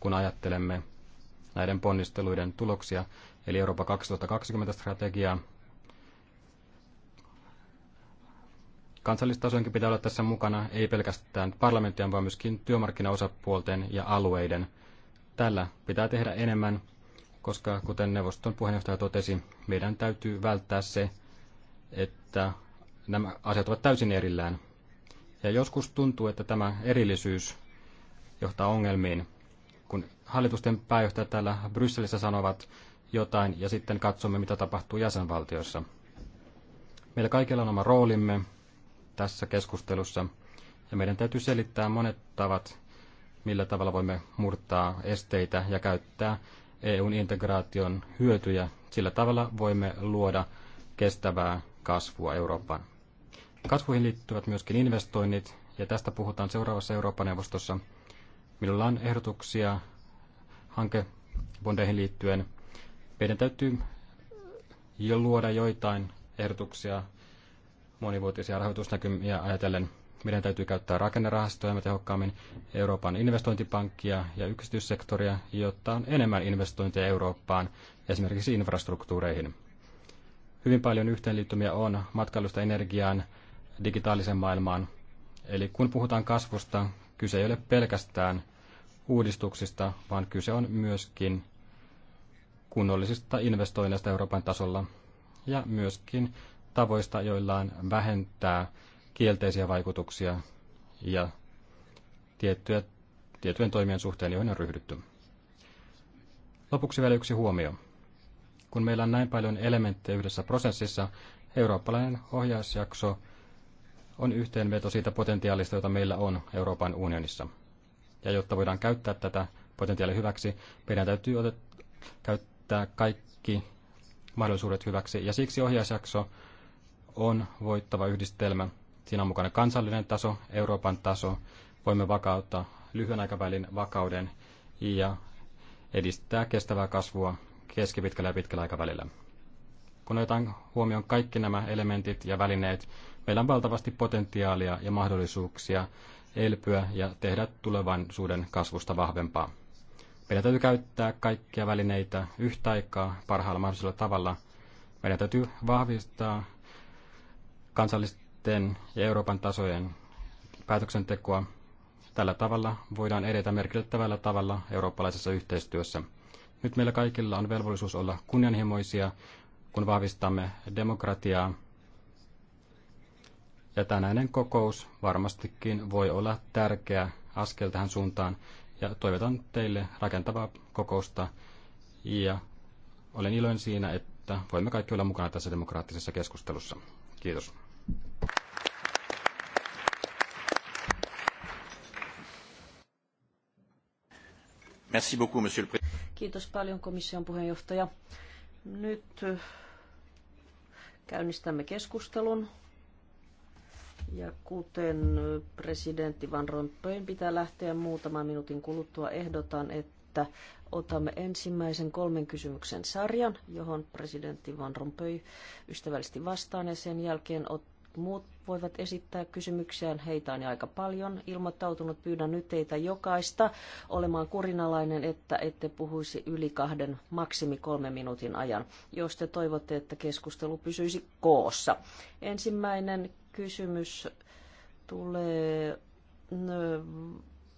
kun ajattelemme näiden ponnisteluiden tuloksia, eli Eurooppa 2020-strategiaa. Kansallistasoinkin pitää olla tässä mukana, ei pelkästään parlamenttien, vaan myöskin työmarkkinaosapuolten ja alueiden. Tällä pitää tehdä enemmän, koska kuten neuvoston puheenjohtaja totesi, meidän täytyy välttää se, että nämä asiat ovat täysin erillään. Ja joskus tuntuu, että tämä erillisyys johtaa ongelmiin hallitusten pääjohtajat täällä Brysselissä sanovat jotain ja sitten katsomme, mitä tapahtuu jäsenvaltioissa. Meillä kaikilla on oma roolimme tässä keskustelussa ja meidän täytyy selittää monet tavat, millä tavalla voimme murtaa esteitä ja käyttää EUn integraation hyötyjä. Sillä tavalla voimme luoda kestävää kasvua Eurooppaan. Kasvuihin liittyvät myöskin investoinnit, ja tästä puhutaan seuraavassa Euroopan neuvostossa. Minulla on ehdotuksia hankebondeihin liittyen. Meidän täytyy jo luoda joitain ehdotuksia monivuotisia rahoitusnäkymiä ajatellen. Meidän täytyy käyttää rakennerahastoja tehokkaammin Euroopan investointipankkia ja yksityissektoria, jotta on enemmän investointeja Eurooppaan, esimerkiksi infrastruktuureihin. Hyvin paljon yhteenliittymiä on matkailusta energiaan, digitaaliseen maailmaan. Eli kun puhutaan kasvusta, kyse ei ole pelkästään uudistuksista, vaan kyse on myöskin kunnollisista investoinneista Euroopan tasolla ja myöskin tavoista, joillaan vähentää kielteisiä vaikutuksia ja tiettyjä, tiettyjen toimien suhteen, joihin on ryhdytty. Lopuksi vielä yksi huomio. Kun meillä on näin paljon elementtejä yhdessä prosessissa, eurooppalainen ohjausjakso on yhteenveto siitä potentiaalista, jota meillä on Euroopan unionissa – ja jotta voidaan käyttää tätä potentiaalia hyväksi, meidän täytyy otet, käyttää kaikki mahdollisuudet hyväksi. Ja siksi ohjausjakso on voittava yhdistelmä. Siinä on mukana kansallinen taso, Euroopan taso. Voimme vakauttaa lyhyen aikavälin vakauden ja edistää kestävää kasvua keskipitkällä ja pitkällä aikavälillä. Kun otetaan huomioon kaikki nämä elementit ja välineet, meillä on valtavasti potentiaalia ja mahdollisuuksia elpyä ja tehdä tulevaisuuden kasvusta vahvempaa. Meidän täytyy käyttää kaikkia välineitä yhtä aikaa parhaalla mahdollisella tavalla. Meidän täytyy vahvistaa kansallisten ja Euroopan tasojen päätöksentekoa. Tällä tavalla voidaan edetä merkittävällä tavalla eurooppalaisessa yhteistyössä. Nyt meillä kaikilla on velvollisuus olla kunnianhimoisia, kun vahvistamme demokratiaa ja tänäinen kokous varmastikin voi olla tärkeä askel tähän suuntaan. Ja toivotan teille rakentavaa kokousta. Ja olen iloinen siinä, että voimme kaikki olla mukana tässä demokraattisessa keskustelussa. Kiitos. Merci beaucoup, monsieur le Kiitos paljon komission puheenjohtaja. Nyt käynnistämme keskustelun. Ja kuten presidentti Van Rompuyn pitää lähteä muutaman minuutin kuluttua, ehdotan, että otamme ensimmäisen kolmen kysymyksen sarjan, johon presidentti Van Rompuy ystävällisesti vastaan, ja sen jälkeen ot- Muut voivat esittää kysymyksiään. Heitä on aika paljon ilmoittautunut. Pyydän nyt teitä jokaista olemaan kurinalainen, että ette puhuisi yli kahden, maksimi kolme minuutin ajan, jos te toivotte, että keskustelu pysyisi koossa. Ensimmäinen kysymys tulee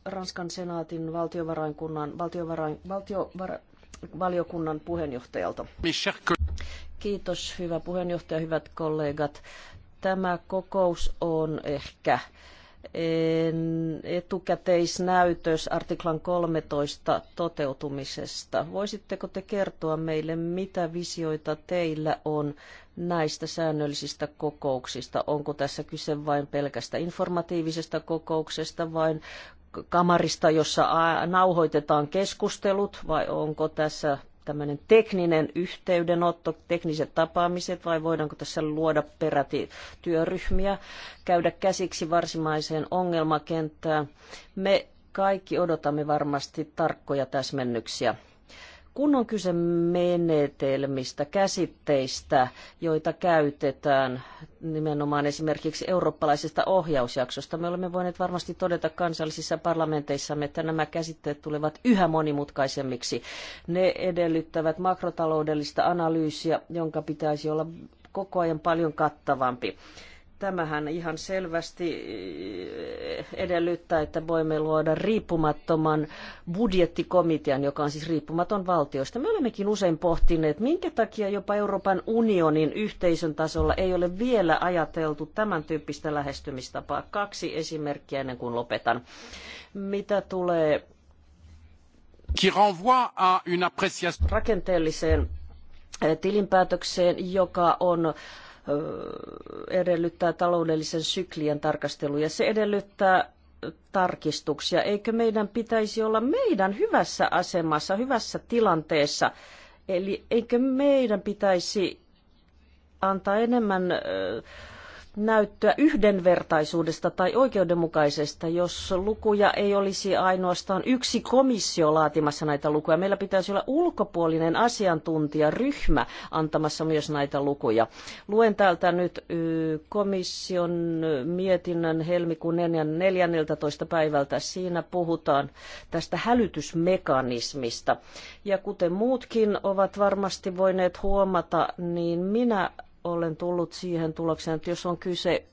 Ranskan senaatin valtiovarainkunnan, valtiovarain, valtiovara, valiokunnan puheenjohtajalta. Kiitos, hyvä puheenjohtaja, hyvät kollegat. Tämä kokous on ehkä etukäteisnäytös artiklan 13 toteutumisesta. Voisitteko te kertoa meille, mitä visioita teillä on näistä säännöllisistä kokouksista? Onko tässä kyse vain pelkästä informatiivisesta kokouksesta vai kamarista, jossa nauhoitetaan keskustelut vai onko tässä tämmöinen tekninen yhteydenotto, tekniset tapaamiset, vai voidaanko tässä luoda peräti työryhmiä, käydä käsiksi varsinaiseen ongelmakenttään. Me kaikki odotamme varmasti tarkkoja täsmennyksiä kun on kyse menetelmistä, käsitteistä, joita käytetään nimenomaan esimerkiksi eurooppalaisesta ohjausjaksosta, me olemme voineet varmasti todeta kansallisissa parlamenteissamme, että nämä käsitteet tulevat yhä monimutkaisemmiksi. Ne edellyttävät makrotaloudellista analyysiä, jonka pitäisi olla koko ajan paljon kattavampi. Tämähän ihan selvästi edellyttää, että voimme luoda riippumattoman budjettikomitean, joka on siis riippumaton valtioista. Me olemmekin usein pohtineet, minkä takia jopa Euroopan unionin yhteisön tasolla ei ole vielä ajateltu tämän tyyppistä lähestymistapaa. Kaksi esimerkkiä ennen kuin lopetan. Mitä tulee qui renvoie à une appréciation rakenteelliseen eh, tilinpäätökseen, joka on edellyttää taloudellisen syklien tarkastelua ja se edellyttää tarkistuksia. Eikö meidän pitäisi olla meidän hyvässä asemassa, hyvässä tilanteessa? Eli eikö meidän pitäisi antaa enemmän näyttöä yhdenvertaisuudesta tai oikeudenmukaisesta, jos lukuja ei olisi ainoastaan yksi komissio laatimassa näitä lukuja. Meillä pitäisi olla ulkopuolinen asiantuntijaryhmä antamassa myös näitä lukuja. Luen täältä nyt komission mietinnön helmikuun 14. päivältä. Siinä puhutaan tästä hälytysmekanismista. Ja kuten muutkin ovat varmasti voineet huomata, niin minä olen tullut siihen tulokseen, että jos on kyse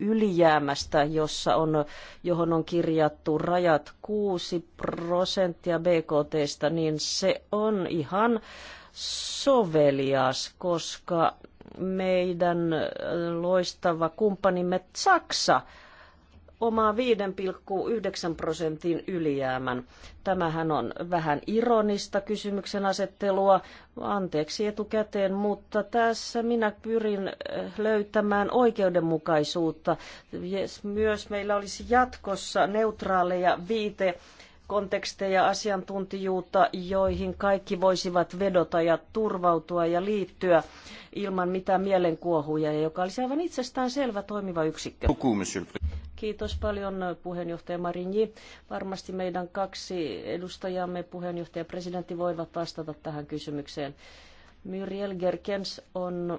ylijäämästä, jossa on, johon on kirjattu rajat 6 prosenttia BKTstä, niin se on ihan sovelias, koska meidän loistava kumppanimme Saksa omaa 5,9 prosentin ylijäämän. Tämähän on vähän ironista kysymyksen asettelua, anteeksi etukäteen, mutta tässä minä pyrin eh, löytämään oikeudenmukaisuutta. Myös meillä olisi jatkossa neutraaleja viite konteksteja, asiantuntijuutta, joihin kaikki voisivat vedota ja turvautua ja liittyä ilman mitään mielenkuohuja, joka olisi aivan itsestään selvä toimiva yksikkö. Kiitos paljon puheenjohtaja Marinji. Varmasti meidän kaksi edustajamme, puheenjohtaja ja presidentti, voivat vastata tähän kysymykseen. Muriel Gerkens on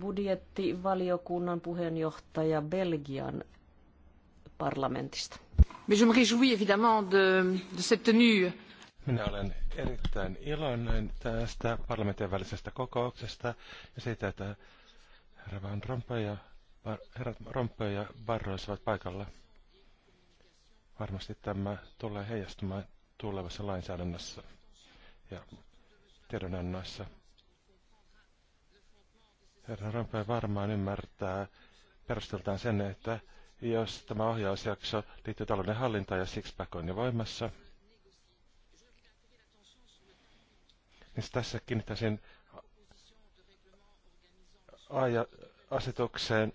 budjettivaliokunnan puheenjohtaja Belgian parlamentista. Minä olen erittäin iloinen tästä parlamentin välisestä kokouksesta ja siitä, että herra Van Rompuy ja herrat Rompeo ja Barrois ovat paikalla. Varmasti tämä tulee heijastumaan tulevassa lainsäädännössä ja tiedonannoissa. Herra Rompeo varmaan ymmärtää perusteltaan sen, että jos tämä ohjausjakso liittyy talouden hallintaan ja sixpack on jo voimassa, niin tässä kiinnittäisin aja, asetukseen,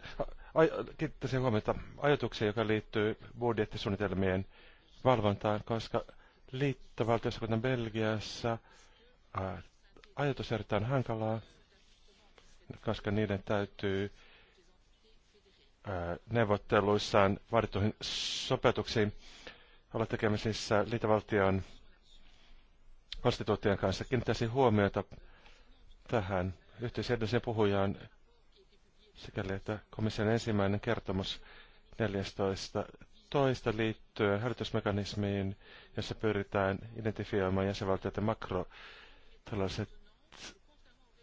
kiinnittäisin huomiota ajatukseen, joka liittyy budjettisuunnitelmien valvontaan, koska liittovaltiossa, kuten Belgiassa, ajatus erittäin hankalaa, koska niiden täytyy neuvotteluissaan vaadittuihin sopetuksiin olla tekemisissä liittovaltion konstituution kanssa. Kiinnittäisin huomiota tähän yhteisjärjestelmän puhujaan sikäli, että komission ensimmäinen kertomus 14. toista liittyen hälytysmekanismiin, jossa pyritään identifioimaan jäsenvaltioiden tällaiset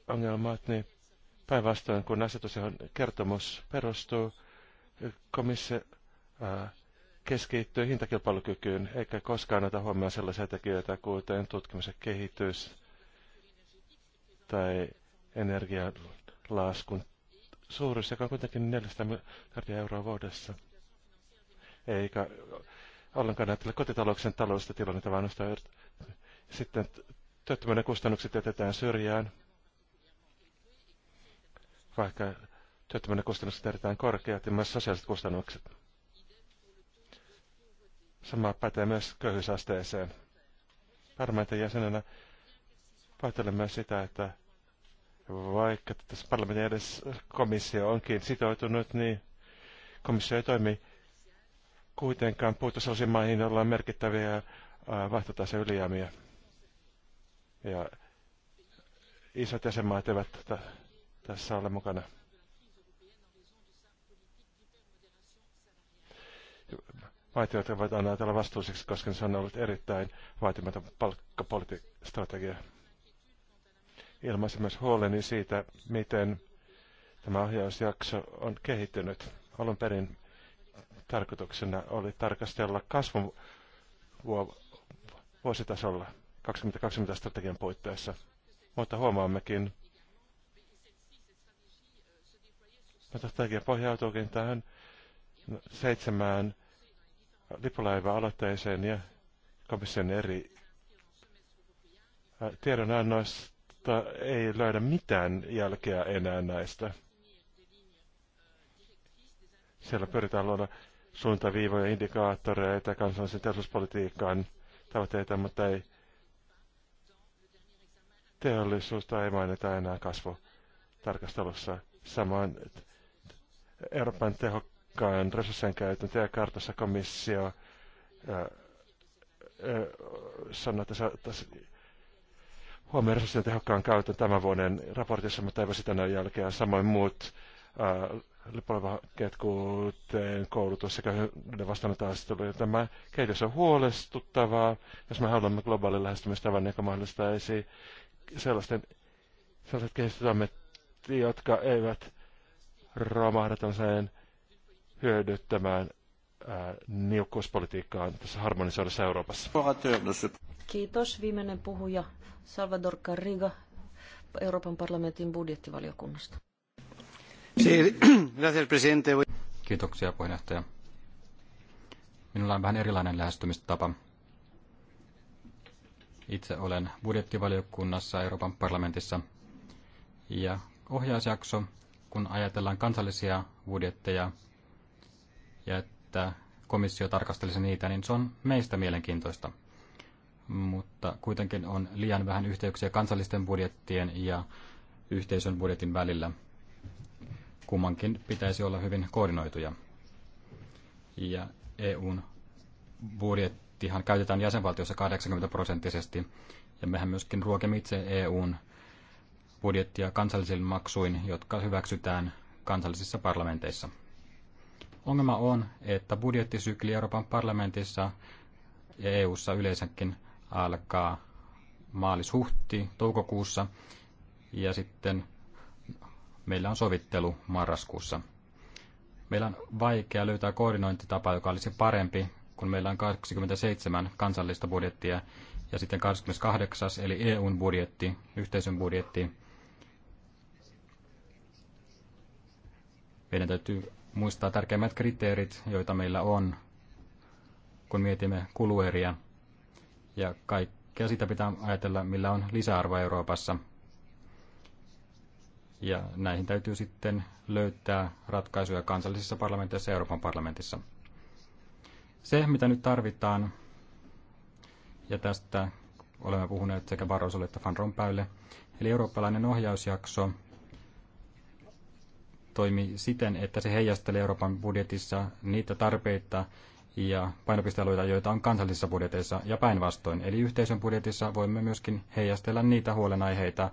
ongelmat, niin päinvastoin kun asetus, johon kertomus perustuu, komissio keskittyy hintakilpailukykyyn, eikä koskaan ota huomioon sellaisia tekijöitä, kuten ja kehitys tai energialaskun suuruus, joka on kuitenkin 400 miljardia euroa vuodessa. Eikä ollenkaan näyttele kotitalouksen taloudellista tilannetta, vaan sitten työttömyyden kustannukset jätetään syrjään, vaikka työttömyyden kustannukset erittäin korkeat ja myös sosiaaliset kustannukset. Sama pätee myös köyhyysasteeseen. Parlamentin jäsenenä myös sitä, että vaikka tässä parlamentin edes komissio onkin sitoutunut, niin komissio ei toimi kuitenkaan puutu sellaisiin maihin, joilla on merkittäviä vaihtotase ylijäämiä. Ja isot jäsenmaat eivät tässä ole mukana. Vaihtoehtoja joita voidaan ajatella vastuullisiksi, koska se on ollut erittäin vaatimaton palkkapolitiikka strategia ilmaisin myös huoleni siitä, miten tämä ohjausjakso on kehittynyt. Alun perin tarkoituksena oli tarkastella kasvun vuositasolla 2020 strategian puitteissa, mutta huomaammekin, että strategia pohjautuukin tähän seitsemään lipulaiva-aloitteeseen ja komission eri äh, tiedonannoista mutta ei löydä mitään jälkeä enää näistä. Siellä pyritään luoda suuntaviivoja, indikaattoreita, kansallisen teollisuuspolitiikan tavoitteita, mutta ei teollisuutta ei mainita enää kasvutarkastelussa. Samoin Euroopan tehokkaan resurssien käytön kartassa komissio sanoi, että huomioon resurssien tehokkaan käytön tämän vuoden raportissa, mutta eivät sitä näin jälkeen. Samoin muut äh, lippalaivahankkeet, kuten koulutus sekä yhden vastaanotoaistelu. Tämä kehitys on huolestuttavaa, jos me haluamme globaalin lähestymistavan, joka mahdollistaisi sellaisten, sellaiset kehitystoimet, jotka eivät romahda tällaiseen hyödyttämään äh, niukkuuspolitiikkaan tässä harmonisoidussa Euroopassa. Kiitos, viimeinen puhuja Salvador Carriga Euroopan parlamentin budjettivaliokunnasta. Kiitoksia puheenjohtaja. Minulla on vähän erilainen lähestymistapa. Itse olen budjettivaliokunnassa Euroopan parlamentissa ja ohjausjakso, kun ajatellaan kansallisia budjetteja ja että komissio tarkastelisi niitä, niin se on meistä mielenkiintoista mutta kuitenkin on liian vähän yhteyksiä kansallisten budjettien ja yhteisön budjetin välillä. Kummankin pitäisi olla hyvin koordinoituja. Ja EUn budjettihan käytetään jäsenvaltiossa 80 prosenttisesti, ja mehän myöskin ruokemme itse EUn budjettia kansallisin maksuin, jotka hyväksytään kansallisissa parlamenteissa. Ongelma on, että budjettisykli Euroopan parlamentissa ja EUssa yleensäkin – alkaa maalis-huhti toukokuussa ja sitten meillä on sovittelu marraskuussa. Meillä on vaikea löytää koordinointitapa, joka olisi parempi, kun meillä on 27 kansallista budjettia ja sitten 28 eli EUn budjetti, yhteisön budjetti. Meidän täytyy muistaa tärkeimmät kriteerit, joita meillä on, kun mietimme kulueriä – ja kaikkea sitä pitää ajatella, millä on lisäarvo Euroopassa. Ja näihin täytyy sitten löytää ratkaisuja kansallisissa parlamenteissa ja Euroopan parlamentissa. Se, mitä nyt tarvitaan, ja tästä olemme puhuneet sekä Barrosolle että Van Rompuylle, eli eurooppalainen ohjausjakso toimi siten, että se heijasteli Euroopan budjetissa niitä tarpeita, ja painopistealueita, joita on kansallisissa budjeteissa ja päinvastoin. Eli yhteisön budjetissa voimme myöskin heijastella niitä huolenaiheita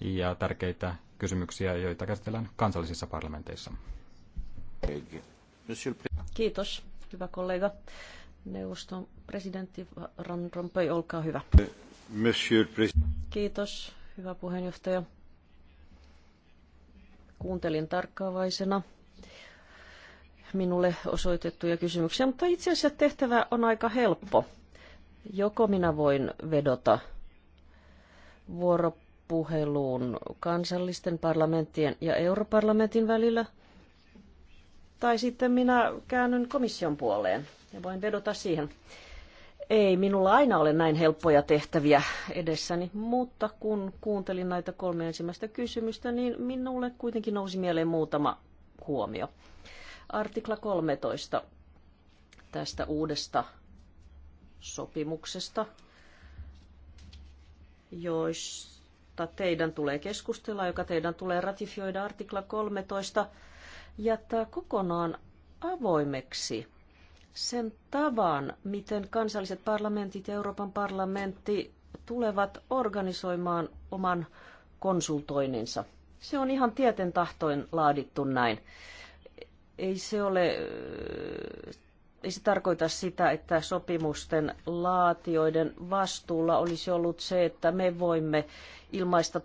ja tärkeitä kysymyksiä, joita käsitellään kansallisissa parlamenteissa. Kiitos, hyvä kollega. Neuvoston presidentti Van Rompuy, olkaa hyvä. Kiitos, hyvä puheenjohtaja. Kuuntelin tarkkaavaisena minulle osoitettuja kysymyksiä, mutta itse asiassa tehtävä on aika helppo. Joko minä voin vedota vuoropuheluun kansallisten parlamenttien ja europarlamentin välillä, tai sitten minä käännyn komission puoleen ja voin vedota siihen. Ei minulla aina ole näin helppoja tehtäviä edessäni, mutta kun kuuntelin näitä kolme ensimmäistä kysymystä, niin minulle kuitenkin nousi mieleen muutama huomio. Artikla 13 tästä uudesta sopimuksesta, joista teidän tulee keskustella, joka teidän tulee ratifioida artikla 13, jättää kokonaan avoimeksi sen tavan, miten kansalliset parlamentit ja Euroopan parlamentti tulevat organisoimaan oman konsultoinninsa. Se on ihan tieten tahtoin laadittu näin ei se ole, äh, ei se tarkoita sitä, että sopimusten laatioiden vastuulla olisi ollut se, että me voimme ilmaista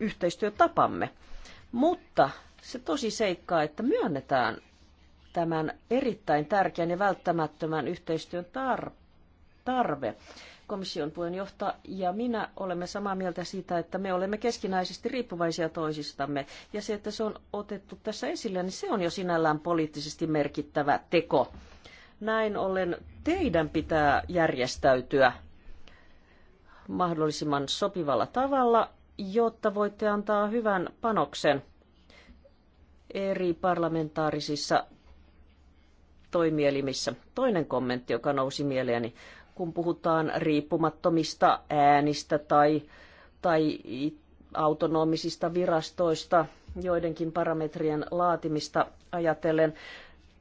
yhteistyötapamme. Mutta se tosi seikkaa, että myönnetään tämän erittäin tärkeän ja välttämättömän yhteistyön tarve komission puheenjohtaja ja minä olemme samaa mieltä siitä, että me olemme keskinäisesti riippuvaisia toisistamme. Ja se, että se on otettu tässä esille, niin se on jo sinällään poliittisesti merkittävä teko. Näin ollen teidän pitää järjestäytyä mahdollisimman sopivalla tavalla, jotta voitte antaa hyvän panoksen eri parlamentaarisissa toimielimissä. Toinen kommentti, joka nousi mieleeni, kun puhutaan riippumattomista äänistä tai, tai autonomisista virastoista, joidenkin parametrien laatimista ajatellen.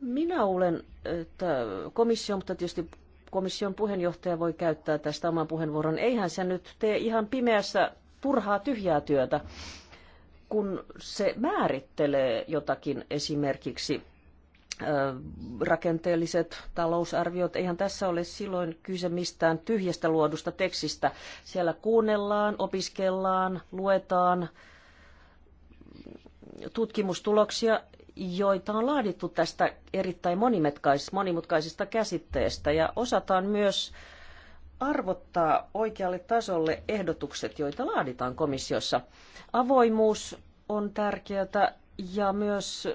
Minä olen että komissio, mutta tietysti komission puheenjohtaja voi käyttää tästä oman puheenvuoron. Eihän se nyt tee ihan pimeässä turhaa tyhjää työtä, kun se määrittelee jotakin esimerkiksi rakenteelliset talousarviot. Eihän tässä ole silloin kyse mistään tyhjästä luodusta tekstistä. Siellä kuunnellaan, opiskellaan, luetaan tutkimustuloksia, joita on laadittu tästä erittäin monimutkaisista käsitteestä ja osataan myös arvottaa oikealle tasolle ehdotukset, joita laaditaan komissiossa. Avoimuus on tärkeää ja myös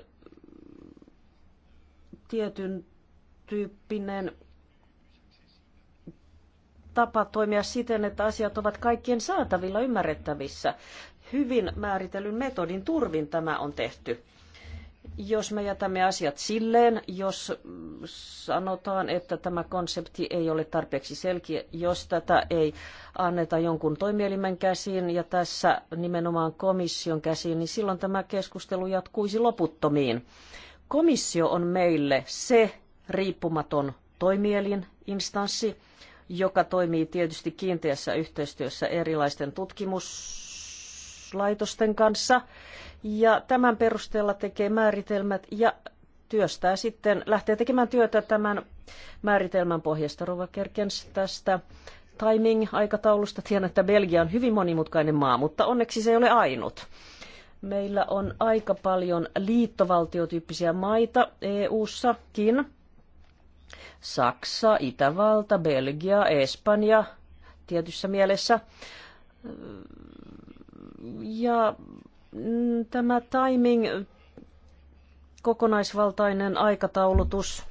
tietyn tyyppinen tapa toimia siten, että asiat ovat kaikkien saatavilla ymmärrettävissä. Hyvin määritellyn metodin turvin tämä on tehty. Jos me jätämme asiat silleen, jos sanotaan, että tämä konsepti ei ole tarpeeksi selkeä, jos tätä ei anneta jonkun toimielimen käsiin ja tässä nimenomaan komission käsiin, niin silloin tämä keskustelu jatkuisi loputtomiin. Komissio on meille se riippumaton toimielin, instanssi, joka toimii tietysti kiinteässä yhteistyössä erilaisten tutkimuslaitosten kanssa ja tämän perusteella tekee määritelmät ja työstää sitten, lähtee tekemään työtä tämän määritelmän pohjasta. Rova Kerkens tästä timing-aikataulusta. Tiedän, että Belgia on hyvin monimutkainen maa, mutta onneksi se ei ole ainut. Meillä on aika paljon liittovaltiotyyppisiä maita EU-sakin. Saksa, Itävalta, Belgia, Espanja tietyssä mielessä. Ja tämä timing, kokonaisvaltainen aikataulutus.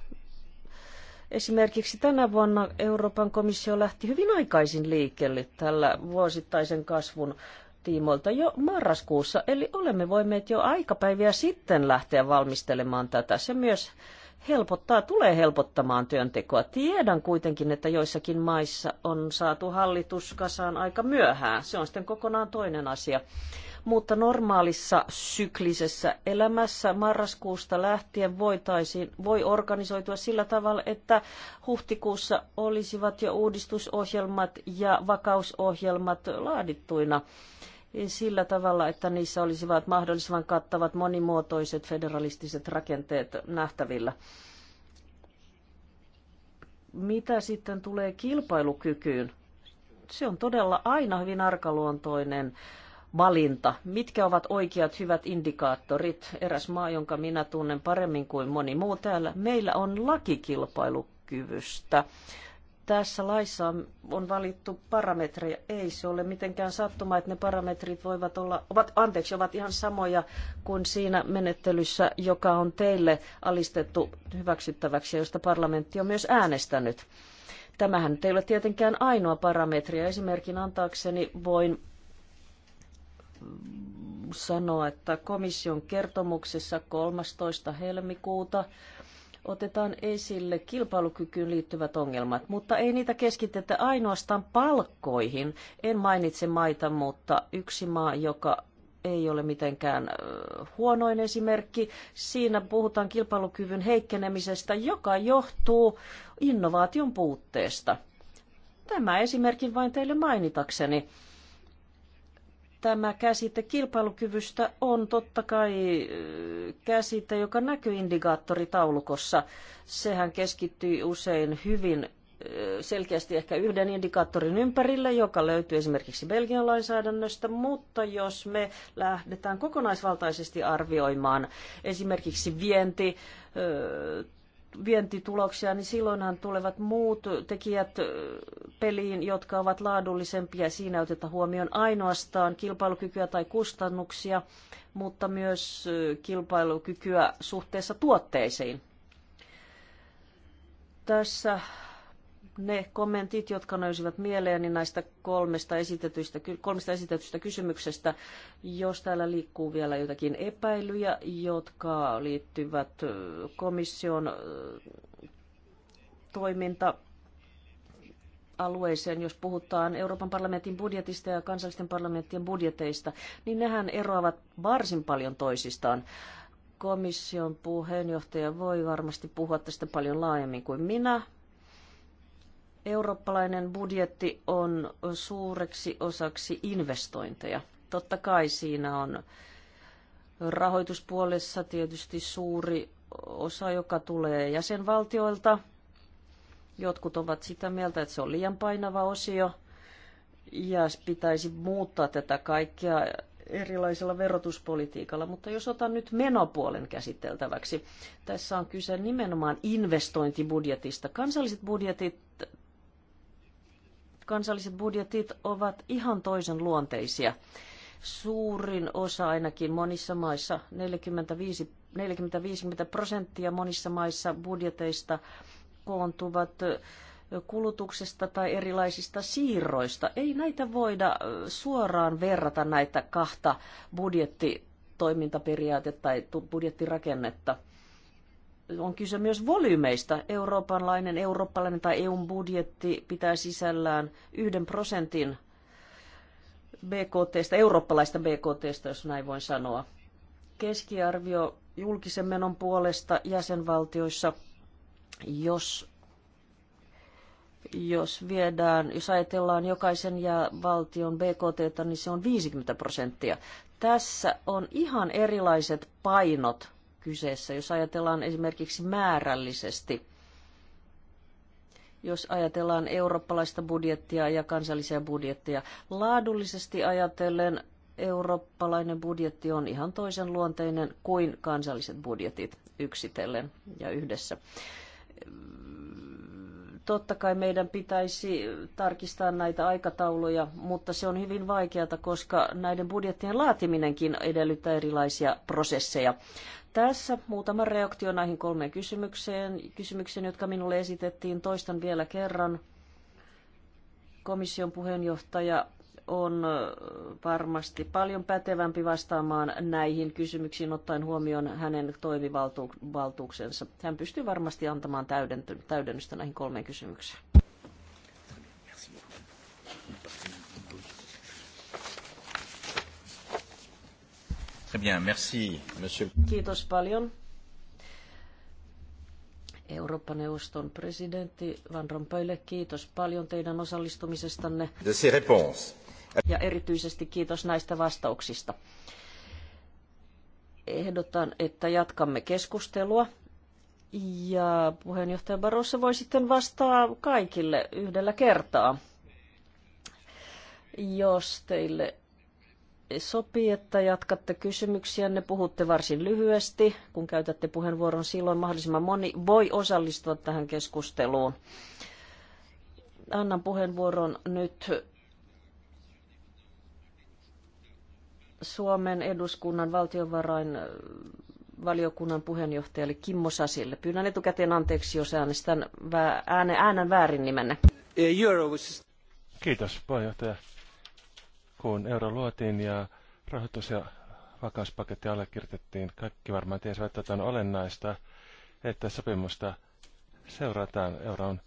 Esimerkiksi tänä vuonna Euroopan komissio lähti hyvin aikaisin liikkeelle tällä vuosittaisen kasvun tiimoilta jo marraskuussa, eli olemme voineet jo aikapäiviä sitten lähteä valmistelemaan tätä. Se myös helpottaa, tulee helpottamaan työntekoa. Tiedän kuitenkin, että joissakin maissa on saatu hallitus kasaan aika myöhään. Se on sitten kokonaan toinen asia. Mutta normaalissa syklisessä elämässä marraskuusta lähtien voitaisiin, voi organisoitua sillä tavalla, että huhtikuussa olisivat jo uudistusohjelmat ja vakausohjelmat laadittuina sillä tavalla, että niissä olisivat mahdollisimman kattavat monimuotoiset federalistiset rakenteet nähtävillä. Mitä sitten tulee kilpailukykyyn? Se on todella aina hyvin arkaluontoinen valinta. Mitkä ovat oikeat hyvät indikaattorit? Eräs maa, jonka minä tunnen paremmin kuin moni muu täällä, meillä on lakikilpailukyvystä tässä laissa on valittu parametreja. Ei se ole mitenkään sattuma, että ne parametrit voivat olla, ovat, anteeksi, ovat ihan samoja kuin siinä menettelyssä, joka on teille alistettu hyväksyttäväksi, josta parlamentti on myös äänestänyt. Tämähän ei ole tietenkään ainoa parametri. Esimerkin antaakseni voin sanoa, että komission kertomuksessa 13. helmikuuta otetaan esille kilpailukykyyn liittyvät ongelmat, mutta ei niitä keskitetä ainoastaan palkkoihin. En mainitse maita, mutta yksi maa, joka ei ole mitenkään huonoin esimerkki. Siinä puhutaan kilpailukyvyn heikkenemisestä, joka johtuu innovaation puutteesta. Tämä esimerkin vain teille mainitakseni. Tämä käsite kilpailukyvystä on totta kai käsite, joka näkyy indikaattoritaulukossa. Sehän keskittyy usein hyvin selkeästi ehkä yhden indikaattorin ympärille, joka löytyy esimerkiksi Belgian lainsäädännöstä, mutta jos me lähdetään kokonaisvaltaisesti arvioimaan esimerkiksi vienti, vientituloksia, niin silloinhan tulevat muut tekijät peliin, jotka ovat laadullisempia. Siinä otetaan huomioon ainoastaan kilpailukykyä tai kustannuksia, mutta myös kilpailukykyä suhteessa tuotteisiin. Tässä ne kommentit, jotka nousivat mieleeni näistä kolmesta esitetystä, kolmesta esitetystä kysymyksestä, jos täällä liikkuu vielä jotakin epäilyjä, jotka liittyvät komission toiminta alueeseen, jos puhutaan Euroopan parlamentin budjetista ja kansallisten parlamenttien budjeteista, niin nehän eroavat varsin paljon toisistaan komission puheenjohtaja voi varmasti puhua tästä paljon laajemmin kuin minä, Eurooppalainen budjetti on suureksi osaksi investointeja. Totta kai siinä on rahoituspuolessa tietysti suuri osa, joka tulee jäsenvaltioilta. Jotkut ovat sitä mieltä, että se on liian painava osio ja pitäisi muuttaa tätä kaikkea erilaisella verotuspolitiikalla, mutta jos otan nyt menopuolen käsiteltäväksi, tässä on kyse nimenomaan investointibudjetista. Kansalliset budjetit kansalliset budjetit ovat ihan toisen luonteisia. Suurin osa ainakin monissa maissa, 45, 40-50 prosenttia monissa maissa budjeteista koontuvat kulutuksesta tai erilaisista siirroista. Ei näitä voida suoraan verrata näitä kahta budjettitoimintaperiaatetta tai budjettirakennetta – on kyse myös volyymeista. Eurooppalainen, eurooppalainen tai EUn budjetti pitää sisällään yhden prosentin BKTstä, eurooppalaista BKTstä, jos näin voin sanoa. Keskiarvio julkisen menon puolesta jäsenvaltioissa, jos, jos viedään, jos ajatellaan jokaisen ja valtion BKT, niin se on 50 prosenttia. Tässä on ihan erilaiset painot kyseessä, jos ajatellaan esimerkiksi määrällisesti. Jos ajatellaan eurooppalaista budjettia ja kansallisia budjetteja, laadullisesti ajatellen eurooppalainen budjetti on ihan toisen luonteinen kuin kansalliset budjetit yksitellen ja yhdessä. Totta kai meidän pitäisi tarkistaa näitä aikatauluja, mutta se on hyvin vaikeata, koska näiden budjettien laatiminenkin edellyttää erilaisia prosesseja. Tässä muutama reaktio näihin kolmeen kysymykseen, kysymykseen, jotka minulle esitettiin. Toistan vielä kerran. Komission puheenjohtaja on varmasti paljon pätevämpi vastaamaan näihin kysymyksiin ottaen huomioon hänen toimivaltuuksensa. Hän pystyy varmasti antamaan täydennystä näihin kolmeen kysymykseen. bien, merci, monsieur. Kiitos paljon. Eurooppa-neuvoston presidentti Van Rompuylle, kiitos paljon teidän osallistumisestanne. De ses réponses. Ja erityisesti kiitos näistä vastauksista. Ehdotan, että jatkamme keskustelua. Ja puheenjohtaja Barossa voi sitten vastaa kaikille yhdellä kertaa. Jos teille sopii, että jatkatte kysymyksiänne, puhutte varsin lyhyesti, kun käytätte puheenvuoron silloin mahdollisimman moni voi osallistua tähän keskusteluun. Annan puheenvuoron nyt Suomen eduskunnan valtiovarainvaliokunnan puheenjohtajalle Kimmo Sasille. Pyydän etukäteen anteeksi, jos äänestän äänen, äänen väärin nimenne. Kiitos, puheenjohtaja kun euro luotiin ja rahoitus- ja vakauspaketti allekirjoitettiin, kaikki varmaan tiesivät, että on olennaista, että sopimusta seurataan euron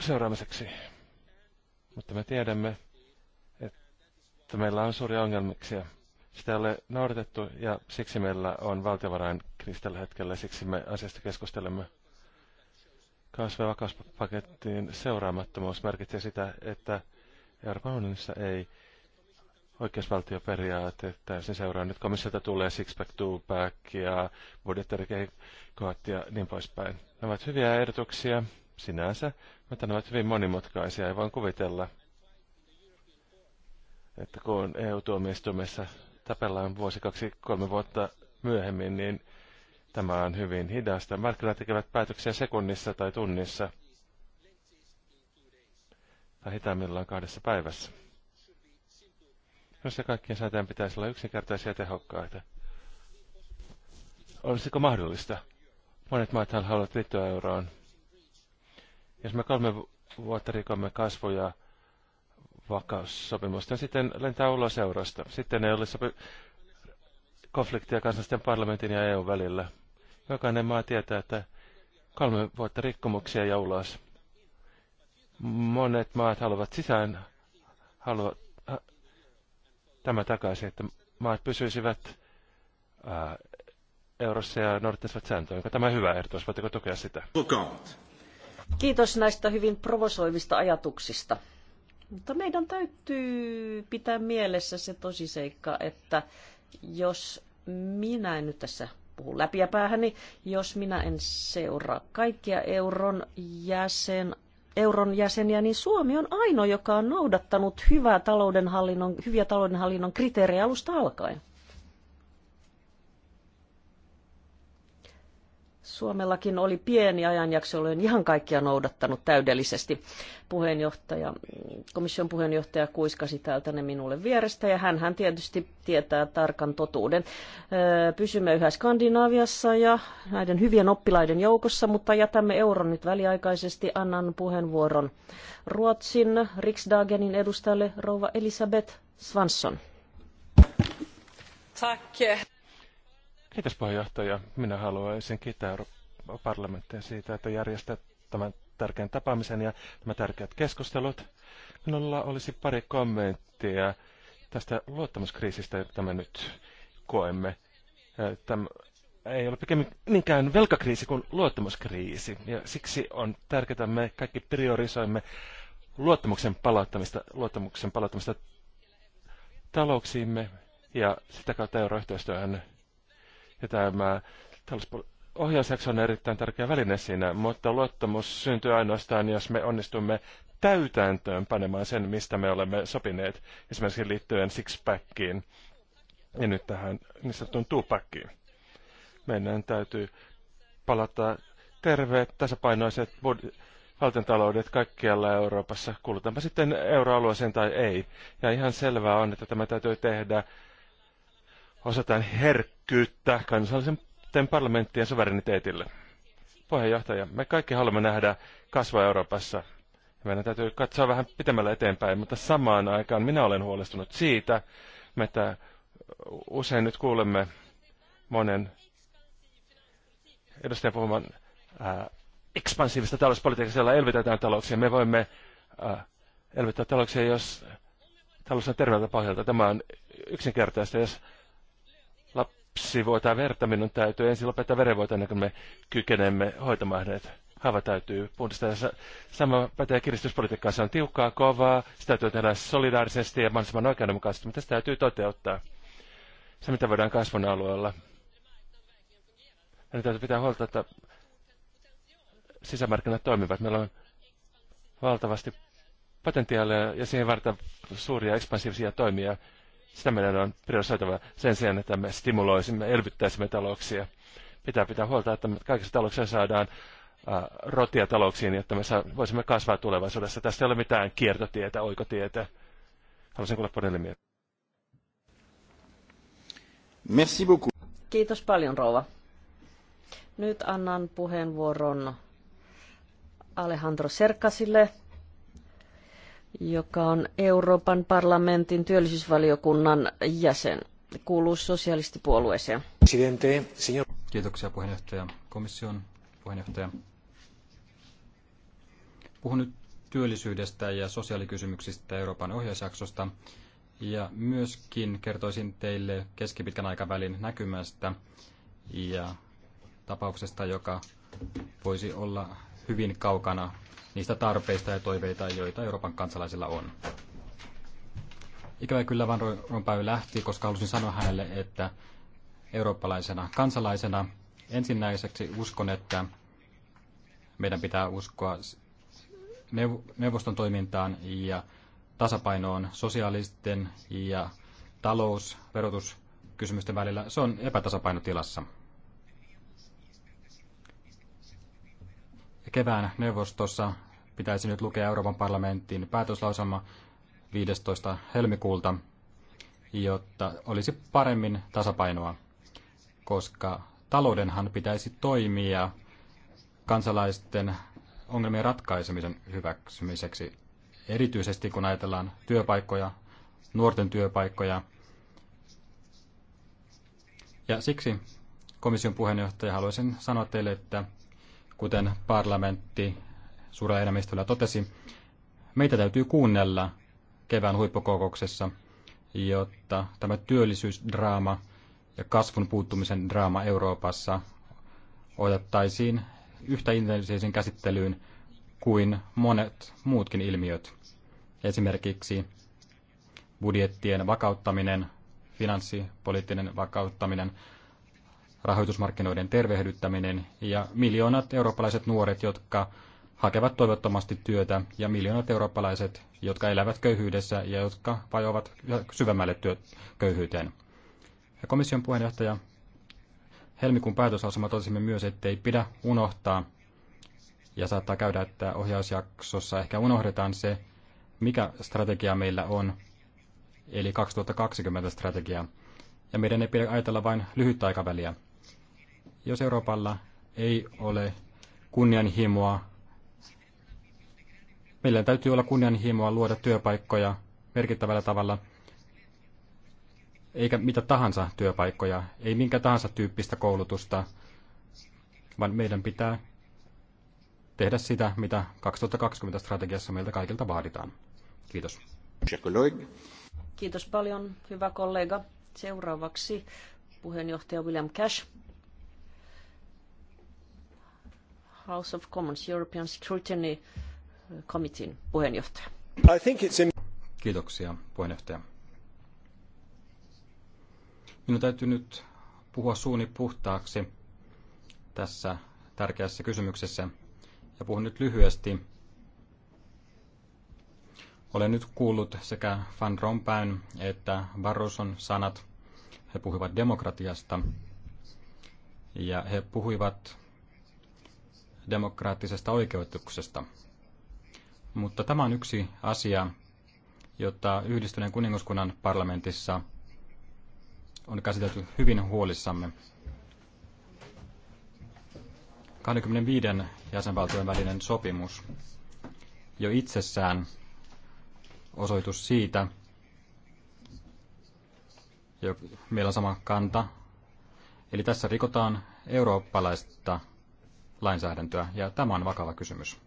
seuraamiseksi. Mutta me tiedämme, että meillä on suuria ongelmiksia. Sitä ei ole noudatettu ja siksi meillä on valtiovarainkrisi tällä hetkellä, siksi me asiasta keskustelemme. Kasvu- ja vakauspakettiin seuraamattomuus merkitsee sitä, että Euroopan unionissa ei oikeusvaltioperiaatetta. Sen seuraa nyt komissiolta tulee six-pack, two-pack ja budjettirikekot ja niin poispäin. Ne ovat hyviä ehdotuksia sinänsä, mutta ne ovat hyvin monimutkaisia ja voin kuvitella, että kun EU-tuomioistuimessa tapellaan vuosi, kaksi, kolme vuotta myöhemmin, niin tämä on hyvin hidasta. Markkinat tekevät päätöksiä sekunnissa tai tunnissa – tai hitaimmillaan kahdessa päivässä. Jos se kaikkien säätäjän pitäisi olla yksinkertaisia ja tehokkaita. Olisiko mahdollista? Monet maathan haluavat liittyä euroon. Jos me kolme vuotta rikomme kasvoja vakaussopimusta, sitten lentää ulos eurosta. Sitten ei olisi sopi- konfliktia kansallisten parlamentin ja EU välillä. Jokainen maa tietää, että kolme vuotta rikkomuksia ja ulos monet maat haluavat sisään haluavat ha, äh, tämä takaisin, että maat pysyisivät ää, äh, eurossa ja noudattaisivat sääntöjä. Onko tämä hyvä ehdotus? Voitteko tukea sitä? Kiitos näistä hyvin provosoivista ajatuksista. Mutta meidän täytyy pitää mielessä se tosiseikka, että jos minä en nyt tässä puhu läpi ja päähäni, jos minä en seuraa kaikkia euron jäsen euron jäseniä, niin Suomi on ainoa, joka on noudattanut hyvää taloudenhallinnon, hyviä taloudenhallinnon kriteerejä alusta alkaen. Suomellakin oli pieni ajanjakso, olen ihan kaikkia noudattanut täydellisesti. Puheenjohtaja, komission puheenjohtaja kuiskasi täältä ne minulle vierestä ja hän tietysti tietää tarkan totuuden. Pysymme yhä Skandinaaviassa ja näiden hyvien oppilaiden joukossa, mutta jätämme euron nyt väliaikaisesti. Annan puheenvuoron Ruotsin Riksdagenin edustajalle rouva Elisabeth Svansson. Tack. Kiitos puheenjohtaja. Minä haluaisin kiittää parlamenttia siitä, että järjestää tämän tärkeän tapaamisen ja nämä tärkeät keskustelut. Minulla olisi pari kommenttia tästä luottamuskriisistä, jota me nyt koemme. Tämä ei ole niinkään velkakriisi kuin luottamuskriisi. Ja siksi on tärkeää, että me kaikki priorisoimme luottamuksen palauttamista, luottamuksen palauttamista talouksiimme ja sitä kautta euroyhteistyöhön ja tämä ohjausjakso on erittäin tärkeä väline siinä, mutta luottamus syntyy ainoastaan, jos me onnistumme täytäntöön panemaan sen, mistä me olemme sopineet, esimerkiksi liittyen sixpackiin ja nyt tähän niin sanottuun tupakkiin. Meidän täytyy palata terveet, tasapainoiset bud- valtiontaloudet kaikkialla Euroopassa, kuulutaanpa sitten euroalueeseen tai ei. Ja ihan selvää on, että tämä täytyy tehdä osataan herkkyyttä kansallisen parlamenttien suvereniteetille. Puheenjohtaja, me kaikki haluamme nähdä kasvua Euroopassa. Meidän täytyy katsoa vähän pitemmälle eteenpäin, mutta samaan aikaan minä olen huolestunut siitä, että usein nyt kuulemme monen edustajan puhumaan äh, ekspansiivista talouspolitiikasta, jolla elvytetään talouksia. Me voimme äh, elvyttää talouksia, jos talous on terveeltä pohjalta. Tämä on yksinkertaista. Jos lapsi vuotaa verta, minun täytyy ensin lopettaa verenvuoto ennen kuin me kykenemme hoitamaan näitä. Haava täytyy puhdistaa. Sama pätee kiristyspolitiikkaan. Se on tiukkaa, kovaa, sitä täytyy tehdä solidaarisesti ja mahdollisimman oikeudenmukaisesti, mutta se täytyy toteuttaa. Se, mitä voidaan kasvun alueella. Ja täytyy pitää huolta, että sisämarkkinat toimivat. Meillä on valtavasti potentiaalia ja siihen varten suuria ekspansiivisia toimia. Sitä meidän on priorisoitava sen sijaan, että me stimuloisimme, elvyttäisimme talouksia. Pitää pitää huolta, että me kaikissa talouksissa saadaan rotia talouksiin, jotta me saa, voisimme kasvaa tulevaisuudessa. Tästä ei ole mitään kiertotietä, oikotietä. Haluaisin kuulla Ponelmia. Merci beaucoup. Kiitos paljon, rouva. Nyt annan puheenvuoron Alejandro Serkasille joka on Euroopan parlamentin työllisyysvaliokunnan jäsen. Kuuluu sosialistipuolueeseen. Kiitoksia puheenjohtaja, komission puheenjohtaja. Puhun nyt työllisyydestä ja sosiaalikysymyksistä Euroopan ohjausjaksosta ja myöskin kertoisin teille keskipitkän aikavälin näkymästä ja tapauksesta, joka voisi olla hyvin kaukana niistä tarpeista ja toiveita, joita Euroopan kansalaisilla on. Ikävä kyllä Van Rompuy lähti, koska halusin sanoa hänelle, että eurooppalaisena kansalaisena ensinnäiseksi uskon, että meidän pitää uskoa neuvoston toimintaan ja tasapainoon sosiaalisten ja talousverotuskysymysten välillä. Se on epätasapainotilassa. kevään neuvostossa pitäisi nyt lukea Euroopan parlamentin päätöslauselma 15. helmikuulta, jotta olisi paremmin tasapainoa, koska taloudenhan pitäisi toimia kansalaisten ongelmien ratkaisemisen hyväksymiseksi, erityisesti kun ajatellaan työpaikkoja, nuorten työpaikkoja. Ja siksi komission puheenjohtaja haluaisin sanoa teille, että kuten parlamentti suurella enemmistöllä totesi, meitä täytyy kuunnella kevään huippukokouksessa, jotta tämä työllisyysdraama ja kasvun puuttumisen draama Euroopassa otettaisiin yhtä intensiivisen käsittelyyn kuin monet muutkin ilmiöt. Esimerkiksi budjettien vakauttaminen, finanssipoliittinen vakauttaminen, rahoitusmarkkinoiden tervehdyttäminen ja miljoonat eurooppalaiset nuoret, jotka hakevat toivottomasti työtä ja miljoonat eurooppalaiset, jotka elävät köyhyydessä ja jotka vajoavat syvemmälle työ- köyhyyteen. Ja komission puheenjohtaja helmikuun päätösasema totesimme myös, ettei pidä unohtaa ja saattaa käydä, että ohjausjaksossa ehkä unohdetaan se, mikä strategia meillä on, eli 2020 strategia. Ja meidän ei pidä ajatella vain lyhyttä aikaväliä. Jos Euroopalla ei ole kunnianhimoa, meillä täytyy olla kunnianhimoa luoda työpaikkoja merkittävällä tavalla, eikä mitä tahansa työpaikkoja, ei minkä tahansa tyyppistä koulutusta, vaan meidän pitää tehdä sitä, mitä 2020 strategiassa meiltä kaikilta vaaditaan. Kiitos. Kiitos paljon, hyvä kollega. Seuraavaksi puheenjohtaja William Cash. House of Commons European Scrutiny eh, Committee. puheenjohtaja. I think it's in... Kiitoksia puheenjohtaja. Minun täytyy nyt puhua suuni puhtaaksi tässä tärkeässä kysymyksessä ja puhun nyt lyhyesti. Olen nyt kuullut sekä Van Rompuyn että Barroson sanat. He puhuivat demokratiasta ja he puhuivat demokraattisesta oikeutuksesta. Mutta tämä on yksi asia, jota yhdistyneen kuningaskunnan parlamentissa on käsitelty hyvin huolissamme. 25 jäsenvaltion välinen sopimus jo itsessään osoitus siitä, jo, meillä on sama kanta. Eli tässä rikotaan eurooppalaista lainsäädäntöä, ja tämä on vakava kysymys.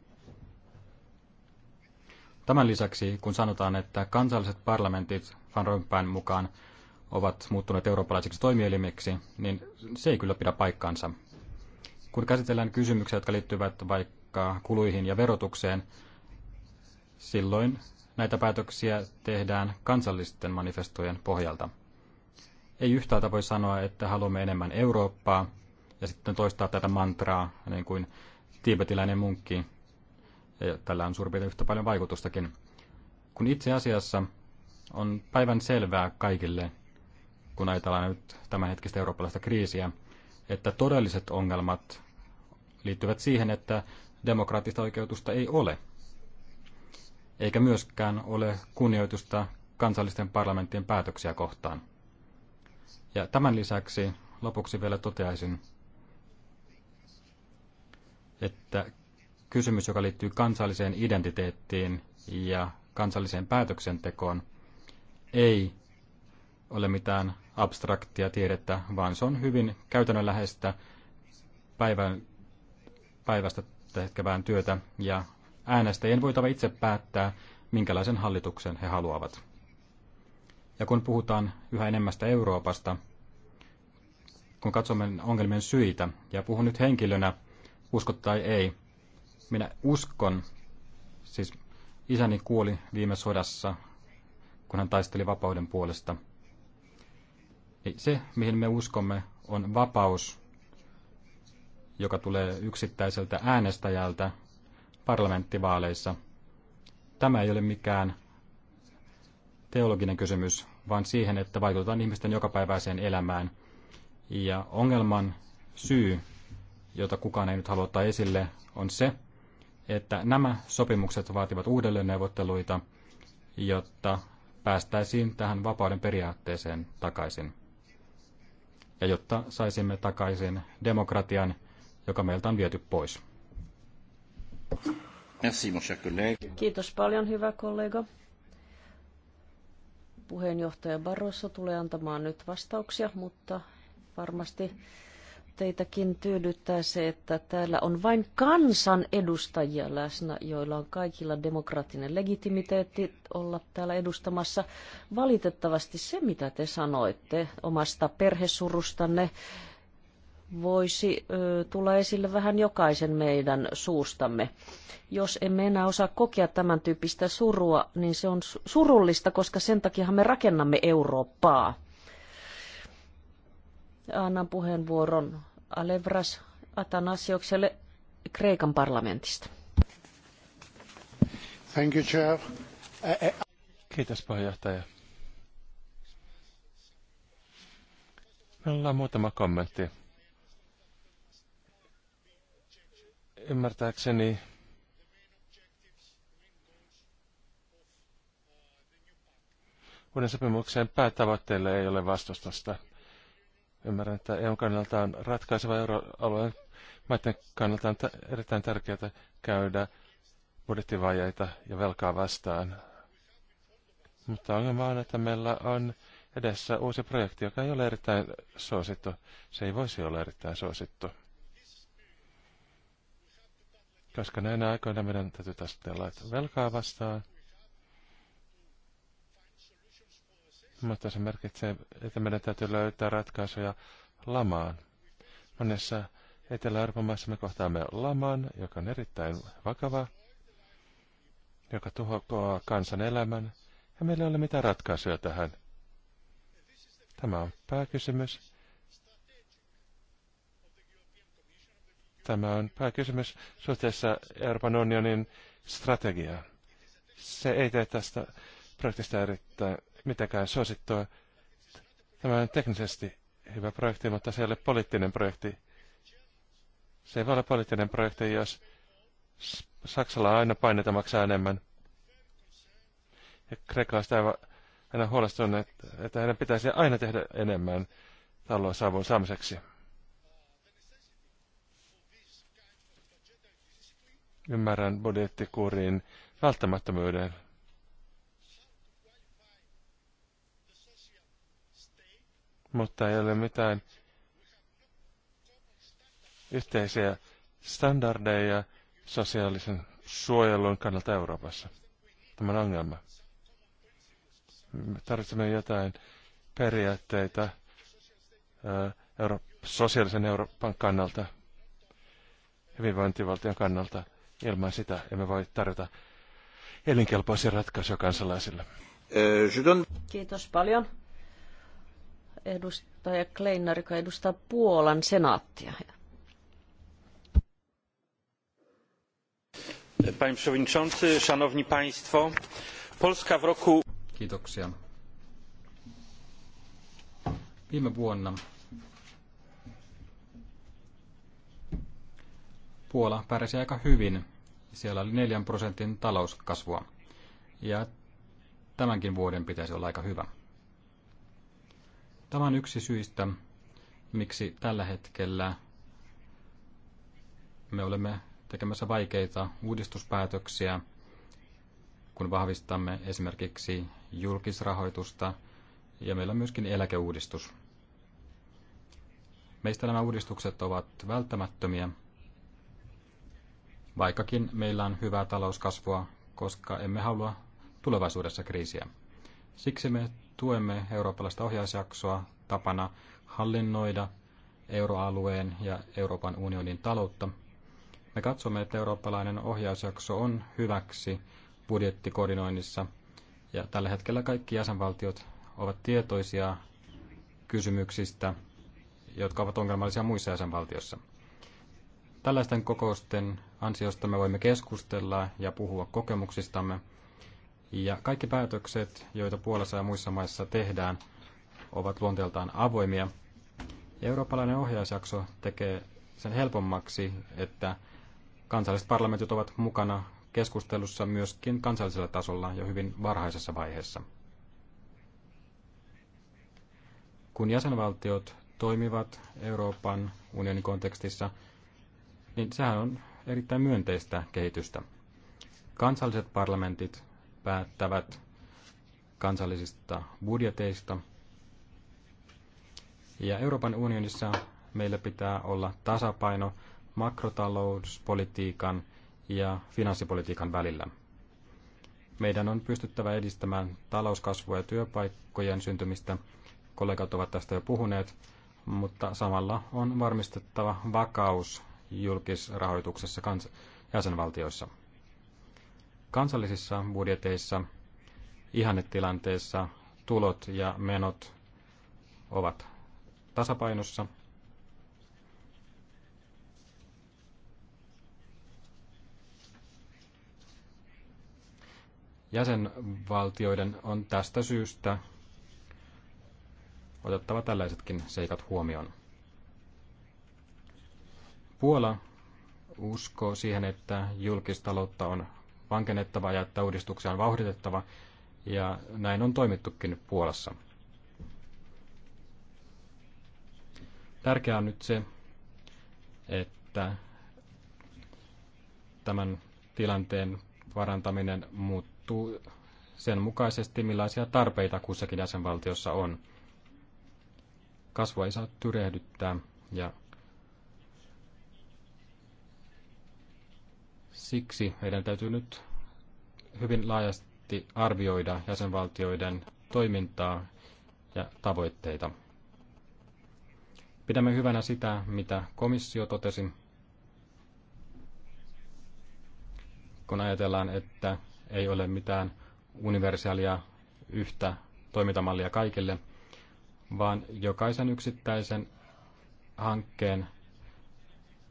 Tämän lisäksi, kun sanotaan, että kansalliset parlamentit Van Rompuyn mukaan ovat muuttuneet eurooppalaisiksi toimielimiksi, niin se ei kyllä pidä paikkaansa. Kun käsitellään kysymyksiä, jotka liittyvät vaikka kuluihin ja verotukseen, silloin näitä päätöksiä tehdään kansallisten manifestojen pohjalta. Ei yhtäältä voi sanoa, että haluamme enemmän Eurooppaa ja sitten toistaa tätä mantraa, niin kuin tiibetiläinen munkki. Ja tällä on suurin piirtein yhtä paljon vaikutustakin. Kun itse asiassa on päivän selvää kaikille, kun ajatellaan nyt tämänhetkistä eurooppalaista kriisiä, että todelliset ongelmat liittyvät siihen, että demokraattista oikeutusta ei ole. Eikä myöskään ole kunnioitusta kansallisten parlamenttien päätöksiä kohtaan. Ja tämän lisäksi lopuksi vielä toteaisin, että kysymys, joka liittyy kansalliseen identiteettiin ja kansalliseen päätöksentekoon, ei ole mitään abstraktia tiedettä, vaan se on hyvin käytännönläheistä päivän, päivästä tehtävään työtä ja äänestäjien voitava itse päättää, minkälaisen hallituksen he haluavat. Ja kun puhutaan yhä enemmästä Euroopasta, kun katsomme ongelmien syitä, ja puhun nyt henkilönä, uskot tai ei. Minä uskon, siis isäni kuoli viime sodassa, kun hän taisteli vapauden puolesta. Se, mihin me uskomme, on vapaus, joka tulee yksittäiseltä äänestäjältä parlamenttivaaleissa. Tämä ei ole mikään teologinen kysymys, vaan siihen, että vaikutetaan ihmisten jokapäiväiseen elämään. Ja ongelman syy jota kukaan ei nyt halua ottaa esille, on se, että nämä sopimukset vaativat uudelleen neuvotteluita, jotta päästäisiin tähän vapauden periaatteeseen takaisin. Ja jotta saisimme takaisin demokratian, joka meiltä on viety pois. Merci, mon cher Kiitos paljon, hyvä kollega. Puheenjohtaja Barroso tulee antamaan nyt vastauksia, mutta varmasti teitäkin tyydyttää se, että täällä on vain kansan edustajia läsnä, joilla on kaikilla demokraattinen legitimiteetti olla täällä edustamassa. Valitettavasti se, mitä te sanoitte omasta perhesurustanne, voisi ö, tulla esille vähän jokaisen meidän suustamme. Jos emme enää osaa kokea tämän tyyppistä surua, niin se on surullista, koska sen takia me rakennamme Eurooppaa Annan puheenvuoron Alevras Atanasiokselle Kreikan parlamentista. Thank you, Chair. Eh, eh, Kiitos puheenjohtaja. Meillä on muutama kommentti. Ymmärtääkseni uuden sopimuksen päätavoitteille ei ole vastustusta. Ymmärrän, että EUn kannalta on ratkaiseva euroalueen maiden kannalta on erittäin tärkeää käydä budjettivajeita ja velkaa vastaan. Mutta ongelma on, että meillä on edessä uusi projekti, joka ei ole erittäin suosittu. Se ei voisi olla erittäin suosittu. Koska näinä aikoina meidän täytyy taistella velkaa vastaan – Mutta se merkitsee, että meidän täytyy löytää ratkaisuja lamaan. Monessa Etelä-Euroopan maassa me kohtaamme laman, joka on erittäin vakava, joka tuhoaa kansan elämän, ja meillä ei ole mitään ratkaisuja tähän. Tämä on pääkysymys. Tämä on pääkysymys suhteessa Euroopan unionin strategiaan. Se ei tee tästä projektista erittäin mitenkään suosittua. Tämä on teknisesti hyvä projekti, mutta se ei ole poliittinen projekti. Se ei voi olla poliittinen projekti, jos Saksalla aina painetta maksaa enemmän. Ja on aina huolestunut, että heidän pitäisi aina tehdä enemmän talousavun saamiseksi. Ymmärrän budjettikurin välttämättömyyden. mutta ei ole mitään yhteisiä standardeja sosiaalisen suojelun kannalta Euroopassa. Tämä on ongelma. Me tarvitsemme jotain periaatteita euro- sosiaalisen Euroopan kannalta, hyvinvointivaltion kannalta. Ilman sitä emme voi tarjota elinkelpoisia ratkaisuja kansalaisille. Kiitos paljon edustaja Kleinar, joka edustaa Puolan senaattia. Panie przewodniczący, szanowni państwo, Polska w roku... Kiitoksia. Viime vuonna Puola pärjäsi aika hyvin. Siellä oli 4 prosentin talouskasvua. Ja tämänkin vuoden pitäisi olla aika hyvä. Tämä on yksi syistä, miksi tällä hetkellä me olemme tekemässä vaikeita uudistuspäätöksiä, kun vahvistamme esimerkiksi julkisrahoitusta ja meillä on myöskin eläkeuudistus. Meistä nämä uudistukset ovat välttämättömiä, vaikkakin meillä on hyvää talouskasvua, koska emme halua tulevaisuudessa kriisiä. Siksi me tuemme eurooppalaista ohjausjaksoa tapana hallinnoida euroalueen ja Euroopan unionin taloutta. Me katsomme, että eurooppalainen ohjausjakso on hyväksi budjettikoordinoinnissa ja tällä hetkellä kaikki jäsenvaltiot ovat tietoisia kysymyksistä, jotka ovat ongelmallisia muissa jäsenvaltioissa. Tällaisten kokousten ansiosta me voimme keskustella ja puhua kokemuksistamme – ja kaikki päätökset, joita Puolassa ja muissa maissa tehdään, ovat luonteeltaan avoimia. Eurooppalainen ohjausjakso tekee sen helpommaksi, että kansalliset parlamentit ovat mukana keskustelussa myöskin kansallisella tasolla jo hyvin varhaisessa vaiheessa. Kun jäsenvaltiot toimivat Euroopan unionin kontekstissa, niin sehän on erittäin myönteistä kehitystä. Kansalliset parlamentit päättävät kansallisista budjeteista. Ja Euroopan unionissa meillä pitää olla tasapaino makrotalouspolitiikan ja finanssipolitiikan välillä. Meidän on pystyttävä edistämään talouskasvua ja työpaikkojen syntymistä. Kollegat ovat tästä jo puhuneet, mutta samalla on varmistettava vakaus julkisrahoituksessa kans- jäsenvaltioissa. Kansallisissa budjeteissa ihannetilanteessa tulot ja menot ovat tasapainossa. Jäsenvaltioiden on tästä syystä otettava tällaisetkin seikat huomioon. Puola uskoo siihen, että julkistaloutta on vankennettava ja että uudistuksia on vauhditettava, ja näin on toimittukin Puolassa. Tärkeää on nyt se, että tämän tilanteen parantaminen muuttuu sen mukaisesti, millaisia tarpeita kussakin jäsenvaltiossa on. Kasvua ei saa tyrehdyttää ja Siksi meidän täytyy nyt hyvin laajasti arvioida jäsenvaltioiden toimintaa ja tavoitteita. Pidämme hyvänä sitä, mitä komissio totesi, kun ajatellaan, että ei ole mitään universaalia yhtä toimintamallia kaikille, vaan jokaisen yksittäisen hankkeen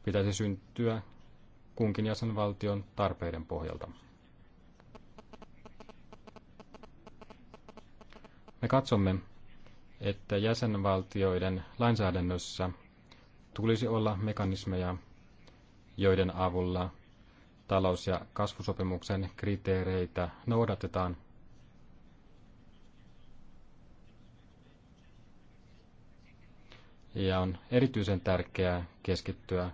pitäisi syntyä kunkin jäsenvaltion tarpeiden pohjalta. Me katsomme, että jäsenvaltioiden lainsäädännössä tulisi olla mekanismeja, joiden avulla talous- ja kasvusopimuksen kriteereitä noudatetaan. Ja on erityisen tärkeää keskittyä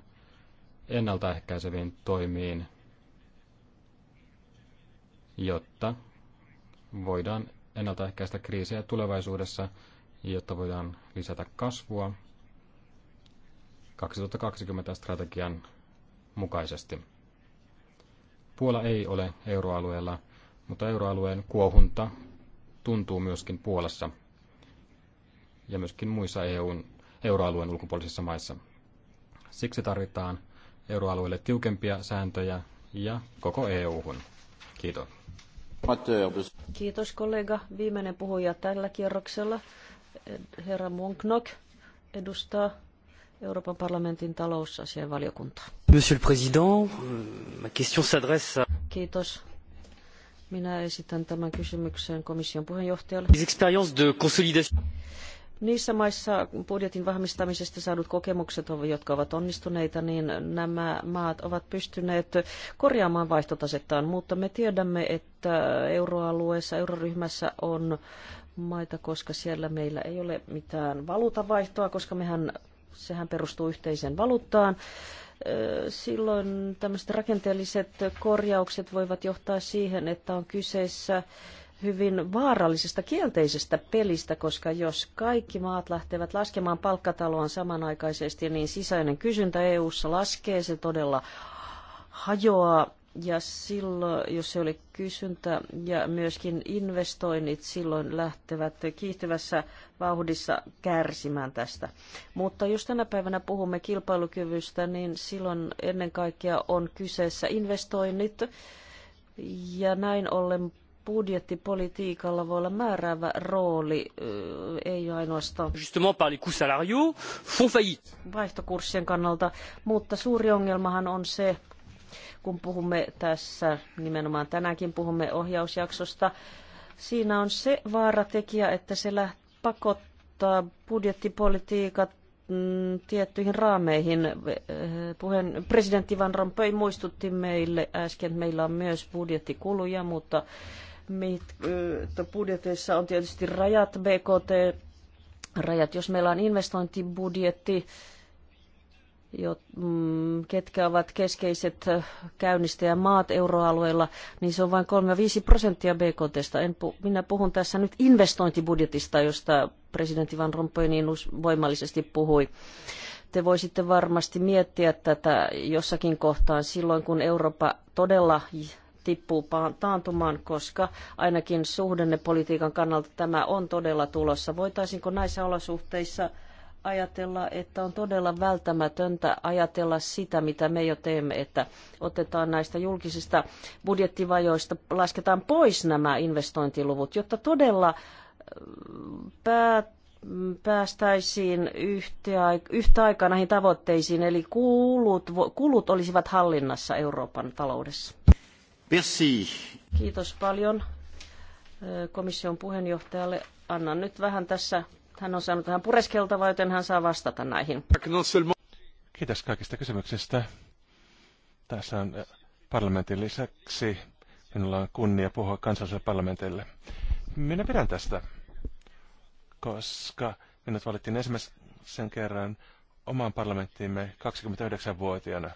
ennaltaehkäiseviin toimiin, jotta voidaan ennaltaehkäistä kriisejä tulevaisuudessa, jotta voidaan lisätä kasvua 2020 strategian mukaisesti. Puola ei ole euroalueella, mutta euroalueen kuohunta tuntuu myöskin Puolassa ja myöskin muissa EUn, euroalueen ulkopuolisissa maissa. Siksi tarvitaan euroalueelle tiukempia sääntöjä ja koko EU-hun. Kiitos. Kiitos kollega. Viimeinen puhuja tällä kierroksella, herra Monknok, edustaa Euroopan parlamentin talousasian valiokuntaa. Monsieur le Président, ma question s'adresse à... Kiitos. Minä esitän tämän kysymyksen komission puheenjohtajalle. Les expériences de consolidation Niissä maissa budjetin vahvistamisesta saadut kokemukset, jotka ovat onnistuneita, niin nämä maat ovat pystyneet korjaamaan vaihtotasettaan, mutta me tiedämme, että euroalueessa, euroryhmässä on maita, koska siellä meillä ei ole mitään valuutavaihtoa, koska mehän, sehän perustuu yhteiseen valuuttaan silloin tämmöiset rakenteelliset korjaukset voivat johtaa siihen, että on kyseessä hyvin vaarallisesta kielteisestä pelistä, koska jos kaikki maat lähtevät laskemaan palkkataloaan samanaikaisesti, niin sisäinen kysyntä EU:ssa laskee, se todella hajoaa ja silloin, jos se oli kysyntä ja myöskin investoinnit silloin lähtevät kiihtyvässä vauhdissa kärsimään tästä. Mutta jos tänä päivänä puhumme kilpailukyvystä, niin silloin ennen kaikkea on kyseessä investoinnit ja näin ollen budjettipolitiikalla voi olla määräävä rooli, ei ainoastaan justement par les coûts salariaux, font faillite. vaihtokurssien kannalta, mutta suuri ongelmahan on se, kun puhumme tässä, nimenomaan tänäänkin puhumme ohjausjaksosta, siinä on se vaaratekijä, että se pakottaa budjettipolitiikat mm, tiettyihin raameihin. Eh, puheen, presidentti Van Rompuy muistutti meille äsken, että meillä on myös budjettikuluja, mutta mit, äh, budjeteissa on tietysti rajat, BKT-rajat. Jos meillä on investointibudjetti, jo, mm, ketkä ovat keskeiset äh, käynnistäjämaat euroalueella, niin se on vain 3-5 prosenttia BKTstä. En pu, minä puhun tässä nyt investointibudjetista, josta presidentti Van Rompuy niin voimallisesti puhui. Te voisitte varmasti miettiä tätä jossakin kohtaan silloin, kun Eurooppa todella tippuu taantumaan, koska ainakin suhdannepolitiikan kannalta tämä on todella tulossa. Voitaisinko näissä olosuhteissa ajatella, että on todella välttämätöntä ajatella sitä, mitä me jo teemme, että otetaan näistä julkisista budjettivajoista, lasketaan pois nämä investointiluvut, jotta todella päät päästäisiin yhtä aikaa näihin tavoitteisiin, eli kulut, kulut olisivat hallinnassa Euroopan taloudessa. Merci. Kiitos paljon komission puheenjohtajalle. Annan nyt vähän tässä, hän on saanut vähän pureskeltavaa, joten hän saa vastata näihin. Kiitos kaikista kysymyksistä. Tässä on parlamentin lisäksi minulla on kunnia puhua kansalliselle parlamentille. Minä pidän tästä, koska minut valittiin ensimmäisen kerran omaan parlamenttiimme 29-vuotiaana.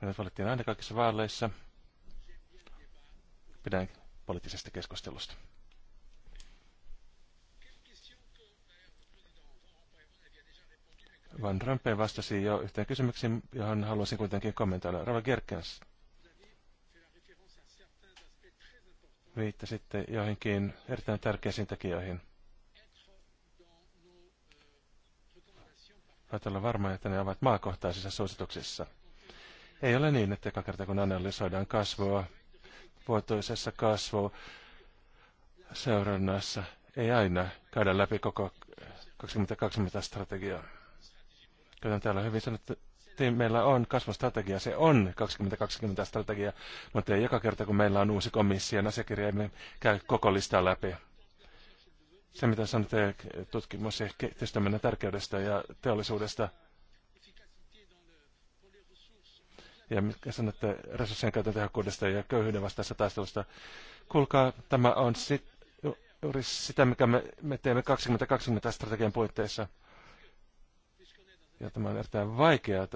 Minut valittiin aina kaikissa vaaleissa – pidän poliittisesta keskustelusta. Van Rompuy vastasi jo yhteen kysymykseen, johon haluaisin kuitenkin kommentoida. Rava Gerkens, viittasitte joihinkin erittäin tärkeisiin tekijöihin. Voit olla varma, että ne ovat maakohtaisissa suosituksissa. Ei ole niin, että joka kerta kun analysoidaan kasvua, vuotuisessa seurannassa ei aina käydä läpi koko 2020 strategiaa. Kuten täällä hyvin sanottu, meillä on kasvustrategia, se on 2020 strategia, mutta ei joka kerta kun meillä on uusi komissio, asiakirja, emme käy koko listaa läpi. Se mitä sanotte tutkimus- ja kehitystoiminnan tärkeydestä ja teollisuudesta – ja mitkä sanotte resurssien käytön tehokkuudesta ja köyhyyden vastaisesta taistelusta. Kuulkaa, tämä on sit, juuri sitä, mikä me, me teemme 2020 strategian puitteissa. Ja tämä on erittäin vaikeaa,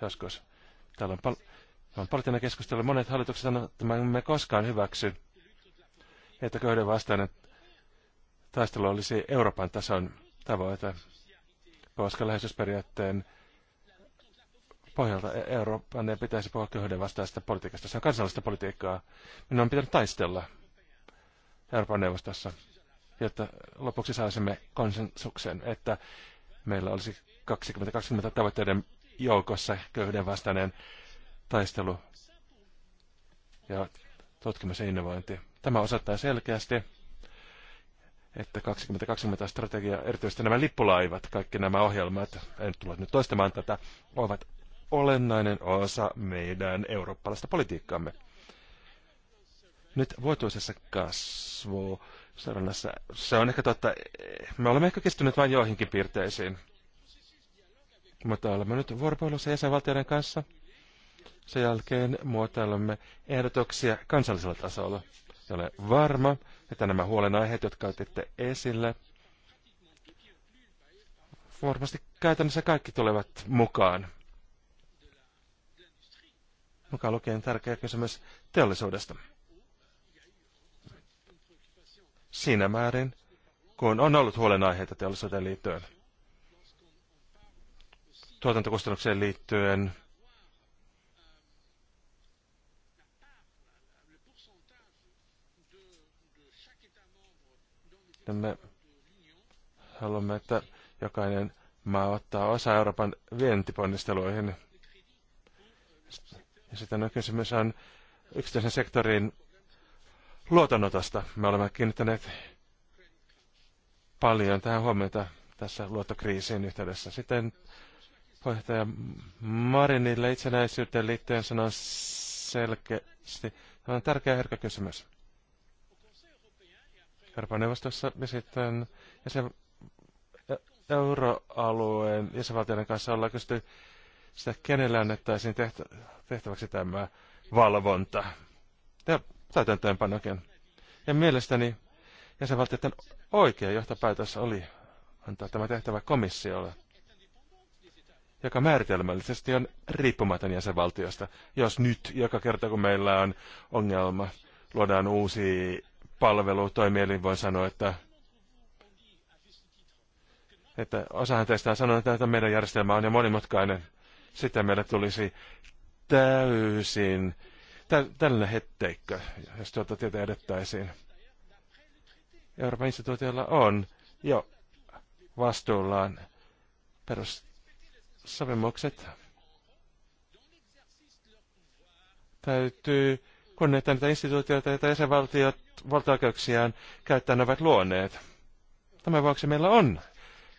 joskus. Täällä on, pal- on paljon keskustelua. Monet hallitukset sanovat, että me emme koskaan hyväksy, että köyhyyden vastainen taistelu olisi Euroopan tason tavoite, koska läheisyysperiaatteen pohjalta e- Euroopan ei pitäisi puhua köyhyyden vastaista politiikasta. Se on kansallista politiikkaa. Minun on pitänyt taistella Euroopan neuvostossa, jotta lopuksi saisimme konsensuksen, että meillä olisi 2020 tavoitteiden joukossa köyhyyden vastainen taistelu ja tutkimus ja innovointi. Tämä osoittaa selkeästi, että 2020 strategia, erityisesti nämä lippulaivat, kaikki nämä ohjelmat, en tule nyt toistamaan tätä, ovat olennainen osa meidän eurooppalaista politiikkaamme. Nyt vuotuisessa kasvu se on ehkä totta, me olemme ehkä kestyneet vain joihinkin piirteisiin. Mutta olemme nyt vuoropuhelussa jäsenvaltioiden kanssa. Sen jälkeen muotoilemme ehdotuksia kansallisella tasolla. Ja olen varma, että nämä huolenaiheet, jotka otitte esille, varmasti käytännössä kaikki tulevat mukaan mukaan lukien tärkeä kysymys teollisuudesta. Siinä määrin, kun on ollut huolenaiheita teollisuuteen liittyen, tuotantokustannukseen liittyen, niin me haluamme, että jokainen maa ottaa osa Euroopan vientiponnisteluihin. Sitten ja sitten on kysymys on yksityisen sektorin luotonotosta. Me olemme kiinnittäneet paljon tähän huomiota tässä luottokriisin yhteydessä. Sitten puheenjohtaja Marinille itsenäisyyteen liittyen sanon selkeästi, tämä on tärkeä herkä kysymys. Euroopan neuvostossa ja sitten jäsen, euroalueen jäsenvaltioiden kanssa ollaan kysytty sitä, kenelle annettaisiin tehtä, tehtäväksi tämä valvonta. Ja täytäntöönpanokin. Ja mielestäni jäsenvaltioiden oikea johtopäätös oli antaa tämä tehtävä komissiolle, joka määritelmällisesti on riippumaton jäsenvaltiosta, jos nyt joka kerta kun meillä on ongelma, luodaan uusi palvelu, toimielin voi sanoa, että, että osahan teistä on sanonut, että meidän järjestelmä on jo monimutkainen, sitä meille tulisi täysin tä, tällainen hetteikkö, jos tuota tietä edettäisiin. Euroopan instituutiolla on jo vastuullaan perussopimukset. Täytyy kunnioittaa niitä instituutioita, joita jäsenvaltiot valtaoikeuksiaan käyttäen ovat luoneet. Tämän vuoksi meillä on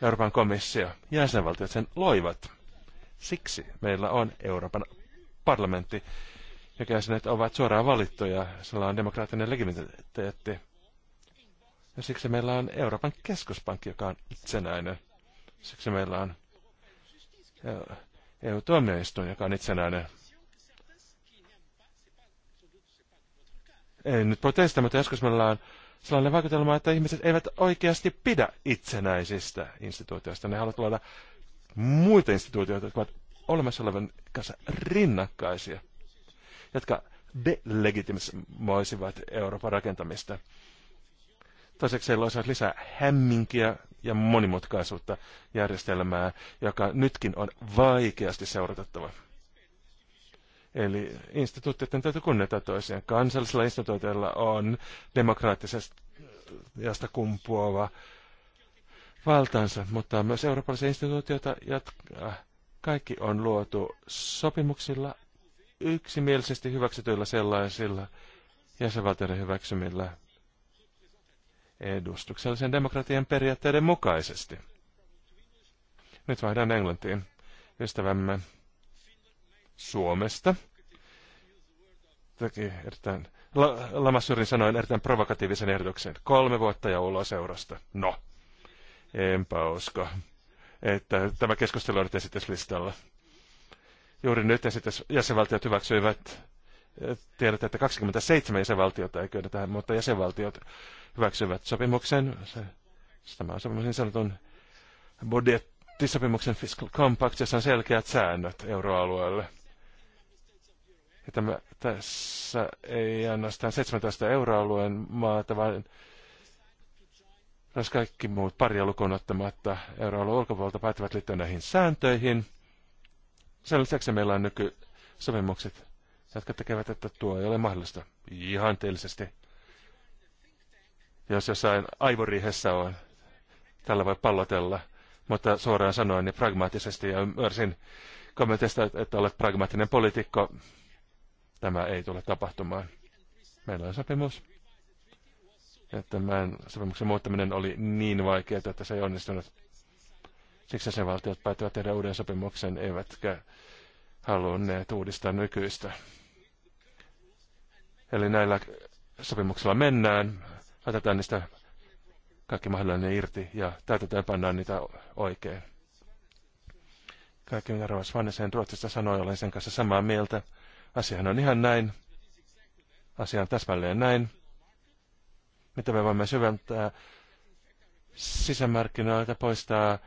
Euroopan komissio. Jäsenvaltiot sen loivat. Siksi meillä on Euroopan parlamentti, joka jäsenet ovat suoraan valittuja, sillä on demokraattinen legitimiteetti. Ja siksi meillä on Euroopan keskuspankki, joka on itsenäinen. Siksi meillä on eh, EU-tuomioistuin, joka on itsenäinen. Ei nyt protesta, mutta joskus meillä on sellainen vaikutelma, että ihmiset eivät oikeasti pidä itsenäisistä instituutioista. Ne haluavat luoda muita instituutioita, jotka ovat olemassa olevan kanssa rinnakkaisia, jotka delegitimoisivat Euroopan rakentamista. Toiseksi olisi lisää hämminkiä ja monimutkaisuutta järjestelmää, joka nytkin on vaikeasti seuratettava. Eli instituutioiden täytyy kunnioittaa toisiaan. Kansallisilla instituutioilla on demokraattisesta kumpuava valtaansa, mutta myös eurooppalaisia instituutioita, jotka kaikki on luotu sopimuksilla, yksimielisesti hyväksytyillä sellaisilla jäsenvaltioiden hyväksymillä edustuksellisen demokratian periaatteiden mukaisesti. Nyt vaihdan Englantiin ystävämme Suomesta. Teki erittäin, la, Lamassurin sanoin erittäin provokatiivisen ehdotuksen. Kolme vuotta ja ulos eurosta. No, Enpä usko, että tämä keskustelu on nyt esityslistalla. Juuri nyt esitys, jäsenvaltiot hyväksyivät, tiedät, että 27 jäsenvaltiota ei kyllä tähän, mutta jäsenvaltiot hyväksyivät sopimuksen, se, tämä on semmoisen niin sanotun budjettisopimuksen fiscal compact, jossa on selkeät säännöt euroalueelle. Ja tämä, tässä ei ainoastaan 17 euroalueen maata, vaan lähes kaikki muut paria lukuun ottamatta euroalueen ulkopuolelta päättävät liittyä näihin sääntöihin. Sen lisäksi meillä on nykysopimukset, jotka tekevät, että tuo ei ole mahdollista ihanteellisesti. Jos jossain aivoriihessä on, tällä voi pallotella. Mutta suoraan sanoen niin pragmaattisesti ja ymmärsin kommentista, että olet pragmaattinen poliitikko. Tämä ei tule tapahtumaan. Meillä on sopimus ja tämän sopimuksen muuttaminen oli niin vaikeaa, että se ei onnistunut. Siksi valtiot päättivät tehdä uuden sopimuksen, eivätkä halunneet uudistaa nykyistä. Eli näillä sopimuksilla mennään, otetaan niistä kaikki mahdollinen irti ja täytetään pannaan niitä oikein. Kaikki mitä Rovas Vannesen Ruotsista sanoi, olen sen kanssa samaa mieltä. Asiahan on ihan näin. Asia on täsmälleen näin mitä me voimme syventää sisämarkkinoita, poistaa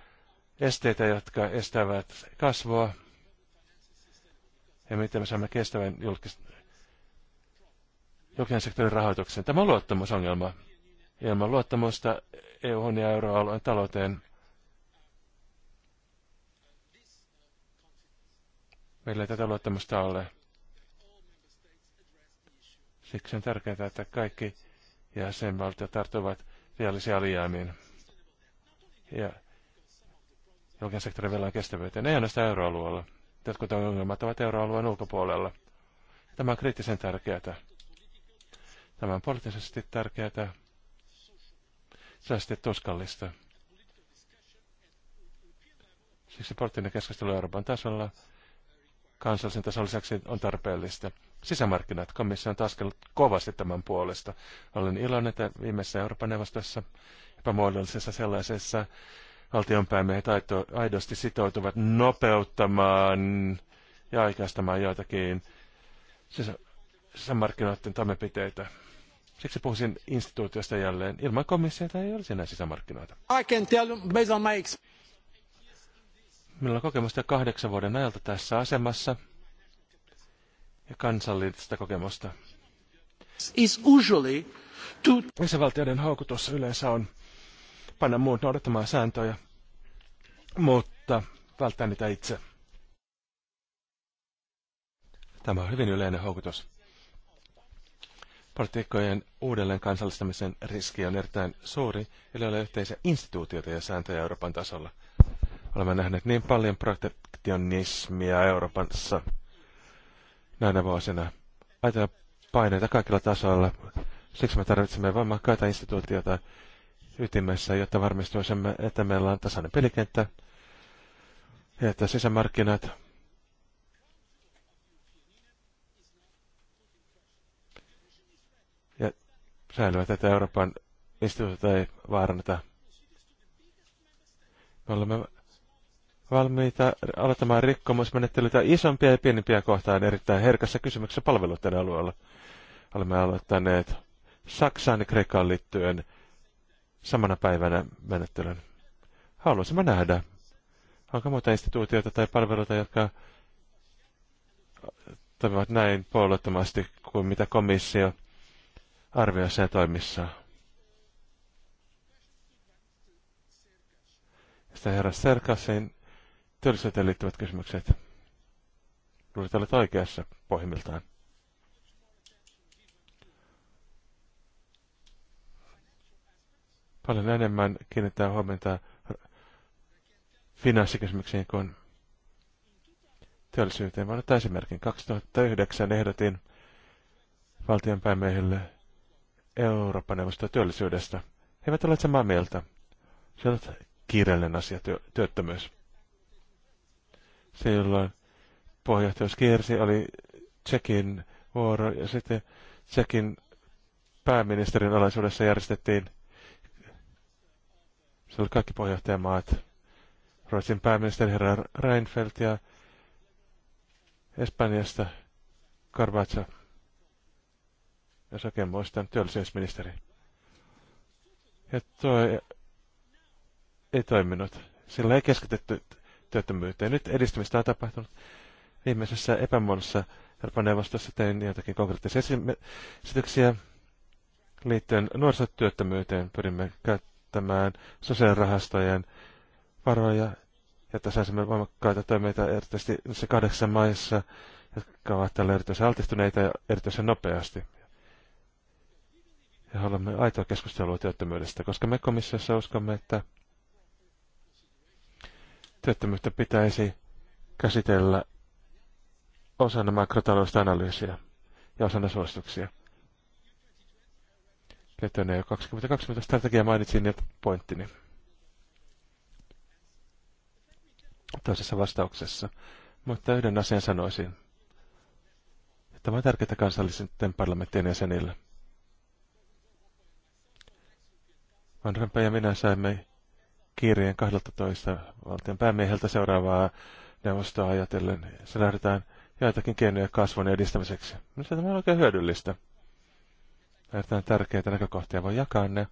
esteitä, jotka estävät kasvua, ja miten me saamme kestävän julkisen sektorin rahoituksen. Tämä on luottamusongelma. Ilman luottamusta EU ja euroalueen talouteen meillä ei tätä luottamusta ole. Siksi on tärkeää, että kaikki ja tarttuvat viallisiin alijäämiin. Ja julkisen sektorin velan kestävyyteen, ei ainoastaan euroalueella. Jotkut ongelmat ovat euroalueen ulkopuolella. Tämä on kriittisen tärkeää. Tämä on poliittisesti tärkeää. Säästi tuskallista. Siksi poliittinen keskustelu Euroopan tasolla kansallisen tason lisäksi on tarpeellista. Sisämarkkinat, komissio on taskellut kovasti tämän puolesta. Olen iloinen, että viimeisessä Euroopan neuvostossa, epämuodollisessa sellaisessa, valtionpäämiehet aidosti sitoutuvat nopeuttamaan ja aikaistamaan joitakin sisämarkkinoiden toimenpiteitä. Siksi puhuisin instituutiosta jälleen. Ilman komissiota ei olisi enää sisämarkkinoita. I can tell you based on my Minulla on kokemusta kahdeksan vuoden ajalta tässä asemassa ja kansallista kokemusta. Is Jäsenvaltioiden houkutus yleensä on panna muut noudattamaan sääntöjä, mutta välttää niitä itse. Tämä on hyvin yleinen houkutus. Politiikkojen uudelleen kansallistamisen riski on erittäin suuri, eli ole yhteisiä instituutioita ja sääntöjä Euroopan tasolla – Olemme nähneet niin paljon protektionismia Euroopassa näinä vuosina. Aitoja paineita kaikilla tasoilla. Siksi me tarvitsemme voimakkaita instituutioita ytimessä, jotta varmistuisimme, että meillä on tasainen pelikenttä ja että sisämarkkinat ja säilyvät, että Euroopan instituutioita ei vaaranneta. Me olemme valmiita aloittamaan rikkomusmenettelyitä isompia ja pienempiä kohtaan erittäin herkässä kysymyksessä palveluiden alueella. Olemme aloittaneet Saksaan ja Kreikkaan liittyen samana päivänä menettelyn. Haluaisimme nähdä, onko muita instituutioita tai palveluita, jotka toimivat näin puolueettomasti kuin mitä komissio arvioissa ja toimissaan. Sitten herra Serkasin työllisyyteen liittyvät kysymykset. että olet oikeassa pohjimmiltaan. Paljon enemmän kiinnittää huomiota finanssikysymyksiin kuin työllisyyteen. Voin ottaa esimerkin. 2009 ehdotin valtionpäämiehille Euroopan neuvostoa työllisyydestä. He eivät ole samaa mieltä. Se on kiireellinen asia, työ, työttömyys. Silloin puheenjohtajuus kiersi, oli Tsekin vuoro ja sitten Tsekin pääministerin alaisuudessa järjestettiin se oli kaikki pohjohtajamaat. Ruotsin pääministeri herra Reinfeldt ja Espanjasta Carvacho. Jos oikein muistan, työllisyysministeri. Ja tuo ei toiminut. Sillä ei keskitetty työttömyyteen. Nyt edistymistä on tapahtunut viimeisessä epämuodossa Euroopan neuvostossa tein joitakin konkreettisia esityksiä liittyen nuorisotyöttömyyteen. Pyrimme käyttämään sosiaalirahastojen varoja, jotta saisimme voimakkaita toimijoita erityisesti niissä kahdeksan maissa, jotka ovat tällä erityisen altistuneita ja erityisen nopeasti. Ja haluamme aitoa keskustelua työttömyydestä, koska me komissiossa uskomme, että Työttömyyttä pitäisi käsitellä osana makrotaloudellista analyysiä ja osana suosituksia. Ketönen jo 2020 strategia mainitsin ja pointtini. Toisessa vastauksessa. Mutta yhden asian sanoisin. Tämä on tärkeää kansallisten parlamenttien jäsenille. Van ja minä saimme kirjeen 12 valtion päämieheltä seuraavaa neuvostoa ajatellen. Se lähdetään joitakin keinoja kasvun edistämiseksi. Minusta tämä on oikein hyödyllistä. Lähdetään tärkeitä näkökohtia, voi jakaa ne.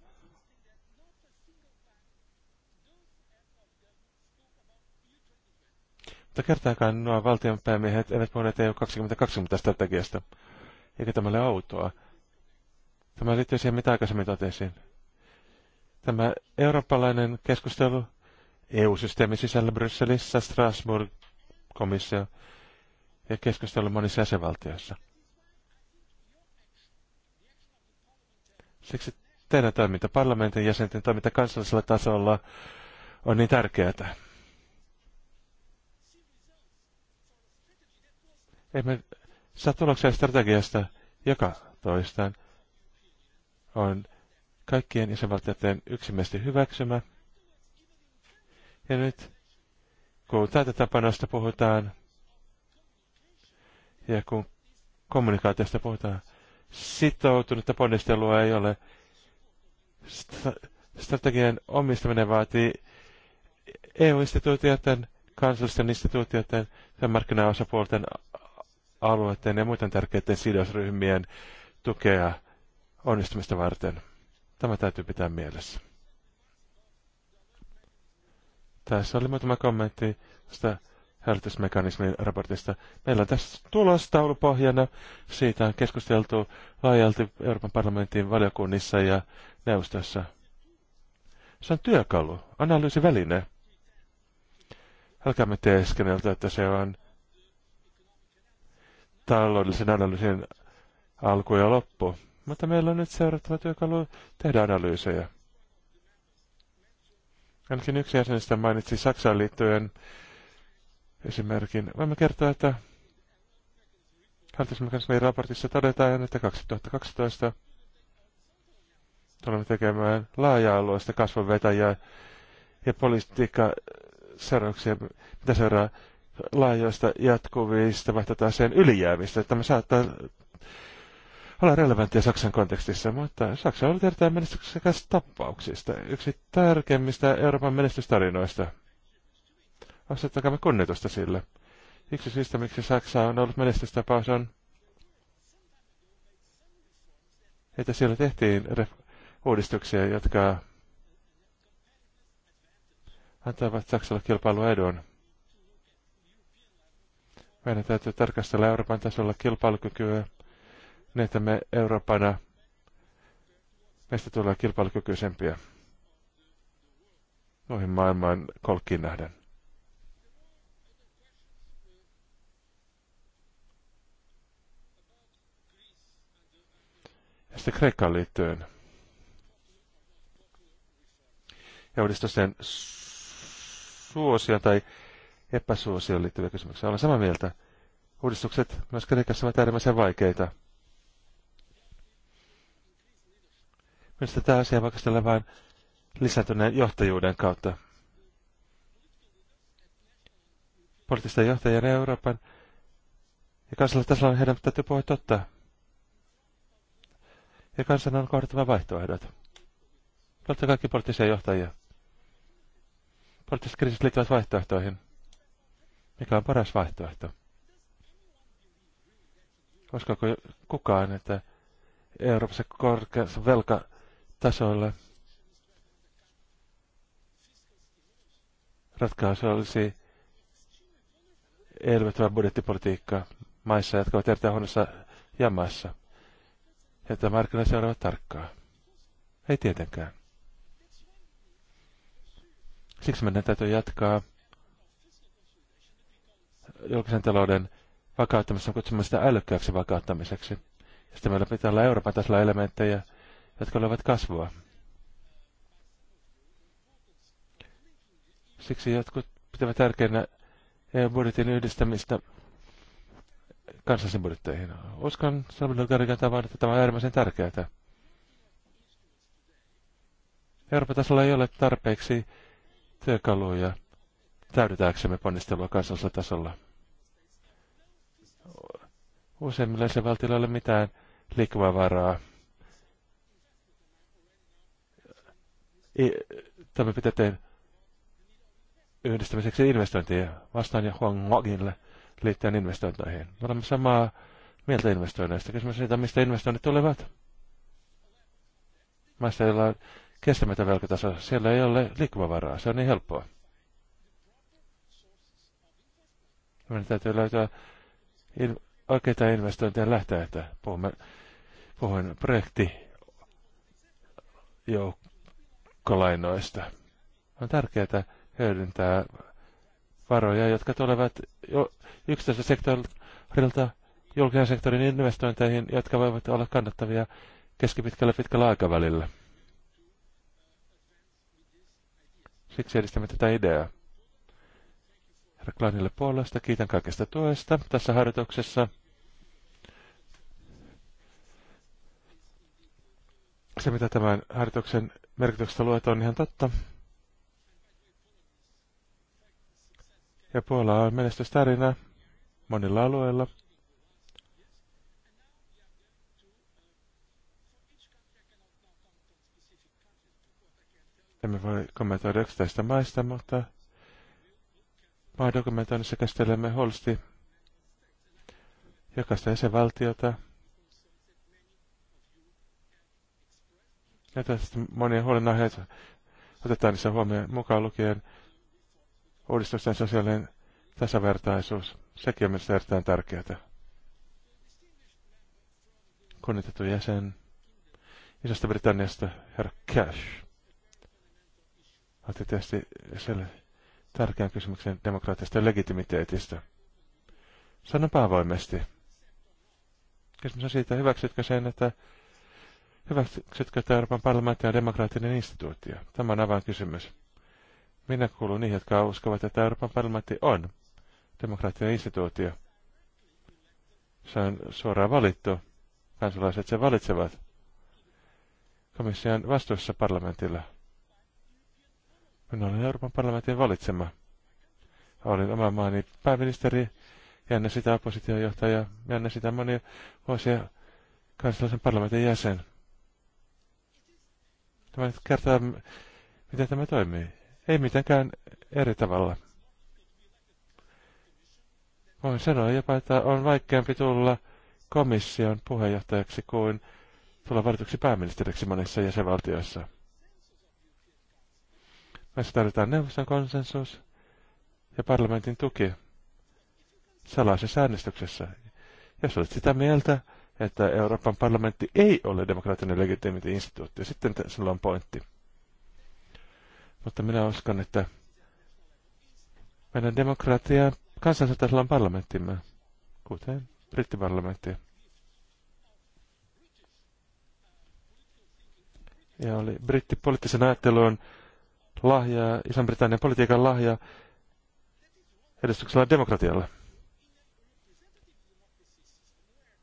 Mutta kertaakaan nuo valtionpäämiehet eivät puhuneet EU 2020 strategiasta. Eikä tämä ole outoa. Tämä liittyy siihen, mitä aikaisemmin totesin. Tämä eurooppalainen keskustelu EU-systeemin sisällä Brysselissä, Strasbourg, komissio ja keskustelu monissa jäsenvaltioissa. Siksi teidän toiminta, parlamentin jäsenten toiminta kansallisella tasolla on niin tärkeää. Emme saa tuloksia strategiasta, joka toistaan on kaikkien jäsenvaltioiden yksimielisesti hyväksymä. Ja nyt, kun tapanosta puhutaan ja kun kommunikaatiosta puhutaan, sitoutunutta ponnistelua ei ole. strategian omistaminen vaatii EU-instituutioiden, kansallisten instituutioiden, markkinaosapuolten alueiden ja muiden tärkeiden sidosryhmien tukea onnistumista varten. Tämä täytyy pitää mielessä. Tässä oli muutama kommentti tästä hälytysmekanismin raportista. Meillä on tässä tulostaulupohjana. Siitä on keskusteltu laajalti Euroopan parlamentin valiokunnissa ja neuvostossa. Se on työkalu, analyysiväline. Älkäämme teeskeneltä, että se on taloudellisen analyysin alku ja loppu. Mutta meillä on nyt seurattava työkalu tehdä analyysejä. Ainakin yksi jäsenistä mainitsi Saksaan liittyen esimerkin. Voimme kertoa, että meidän raportissa todetaan, että 2012 tulemme tekemään laaja-alueista kasvonvetäjää ja politiikka seurauksia, mitä seuraa laajoista jatkuvista vaihtotaseen ylijäämistä. Tämä saattaa ole relevanttia Saksan kontekstissa, mutta Saksa oli erittäin menestyksekäs tapauksista, yksi tärkeimmistä Euroopan menestystarinoista. Asettakaamme kunnitusta sille. Yksi syystä, miksi Saksa on ollut menestystapaus, on, että siellä tehtiin uudistuksia, jotka antavat Saksalle kilpailuedun. Meidän täytyy tarkastella Euroopan tasolla kilpailukykyä niin että me Euroopana meistä tulee kilpailukykyisempiä noihin maailman kolkkiin nähden. Ja sitten Kreikkaan liittyen. Ja uudistusten suosia tai epäsuosioon liittyviä kysymyksiä. Olen samaa mieltä. Uudistukset myös Kreikassa ovat äärimmäisen vaikeita. Minusta tämä asia vaikka vain lisääntyneen johtajuuden kautta. Poliittista johtajia Euroopan ja kansallisella tasolla heidän täytyy puhua totta. Ja kansan on kohdattava vaihtoehdot. Olette kaikki poliittisia johtajia. Poliittiset kriisit liittyvät vaihtoehtoihin. Mikä on paras vaihtoehto? Uskoako kukaan, että Euroopassa korkeassa velka tasolle. Ratkaisu olisi elvyttävä budjettipolitiikka maissa, jotka ovat erittäin huonossa jamassa. Että markkinat seuraavat tarkkaa. Ei tietenkään. Siksi meidän täytyy jatkaa julkisen talouden vakauttamista, kutsumme älykkääksi vakauttamiseksi. Ja sitten meillä pitää olla Euroopan tasolla elementtejä, jotka olivat kasvua. Siksi jotkut pitävät tärkeänä budjetin yhdistämistä kansallisiin budjetteihin. Uskon Salvador Garrigan tavan, että tämä on äärimmäisen tärkeää. Euroopan tasolla ei ole tarpeeksi työkaluja täydetäksemme ponnistelua kansallisella tasolla. Useimmilla se ei ole mitään varaa. tämä pitää tehdä yhdistämiseksi investointia vastaan ja Huang liittyen investointeihin. Me olemme samaa mieltä investoinneista. Kysymys siitä, mistä investoinnit tulevat. Maista, joilla on kestämätä velkataso, siellä ei ole liikkumavaraa. Se on niin helppoa. Meidän täytyy löytää in, oikeita investointeja lähteä, että puhumme, puhuin projekti joukkolainoista. On tärkeää hyödyntää varoja, jotka tulevat jo yksityiseltä sektorilta julkisen sektorin investointeihin, jotka voivat olla kannattavia keskipitkällä ja pitkällä aikavälillä. Siksi edistämme tätä ideaa. Herra Kleinille puolesta kiitän kaikesta tuesta tässä harjoituksessa. se, mitä tämän harjoituksen merkityksestä luet, on ihan totta. Ja Puola on menestystarina monilla alueilla. Emme voi kommentoida yksittäistä maista, mutta maadokumentoinnissa käsittelemme holsti jokaista jäsenvaltiota – Näyttävästi monia huolenaiheita otetaan niissä huomioon mukaan lukien uudistusten sosiaalinen tasavertaisuus. Sekin on myös erittäin tärkeää. Kunnitettu jäsen Isosta Britanniasta, herra Cash, otti tietysti sille tärkeän kysymyksen demokraattisesta legitimiteetistä. Sanonpa avoimesti. Kysymys on siitä, hyväksytkö sen, että Hyväksytkö Euroopan parlamentti ja demokraattinen instituutio? Tämä on avainkysymys. Minä kuulun niihin, jotka uskovat, että Euroopan parlamentti on demokraattinen instituutio. Se on suoraan valittu. Kansalaiset se valitsevat. Komission vastuussa parlamentilla. Minä olen Euroopan parlamentin valitsema. Olin oma maani pääministeri, jännä sitä oppositiojohtaja, jännä sitä monia vuosia kansalaisen parlamentin jäsen. Tämä kertoo, miten tämä toimii. Ei mitenkään eri tavalla. Voin sanoa jopa, että on vaikeampi tulla komission puheenjohtajaksi kuin tulla valituksi pääministeriksi monissa jäsenvaltioissa. Meissä tarvitaan neuvoston konsensus ja parlamentin tuki salaisessa äänestyksessä. Jos olet sitä mieltä, että Euroopan parlamentti ei ole demokraattinen legitimiti instituutti. Sitten sinulla on pointti. Mutta minä uskon, että meidän demokratia kansallisella on parlamenttimme, kuten brittiparlamentti. Ja oli brittipoliittisen ajattelun lahja, Iso-Britannian politiikan lahja edustuksella demokratialle.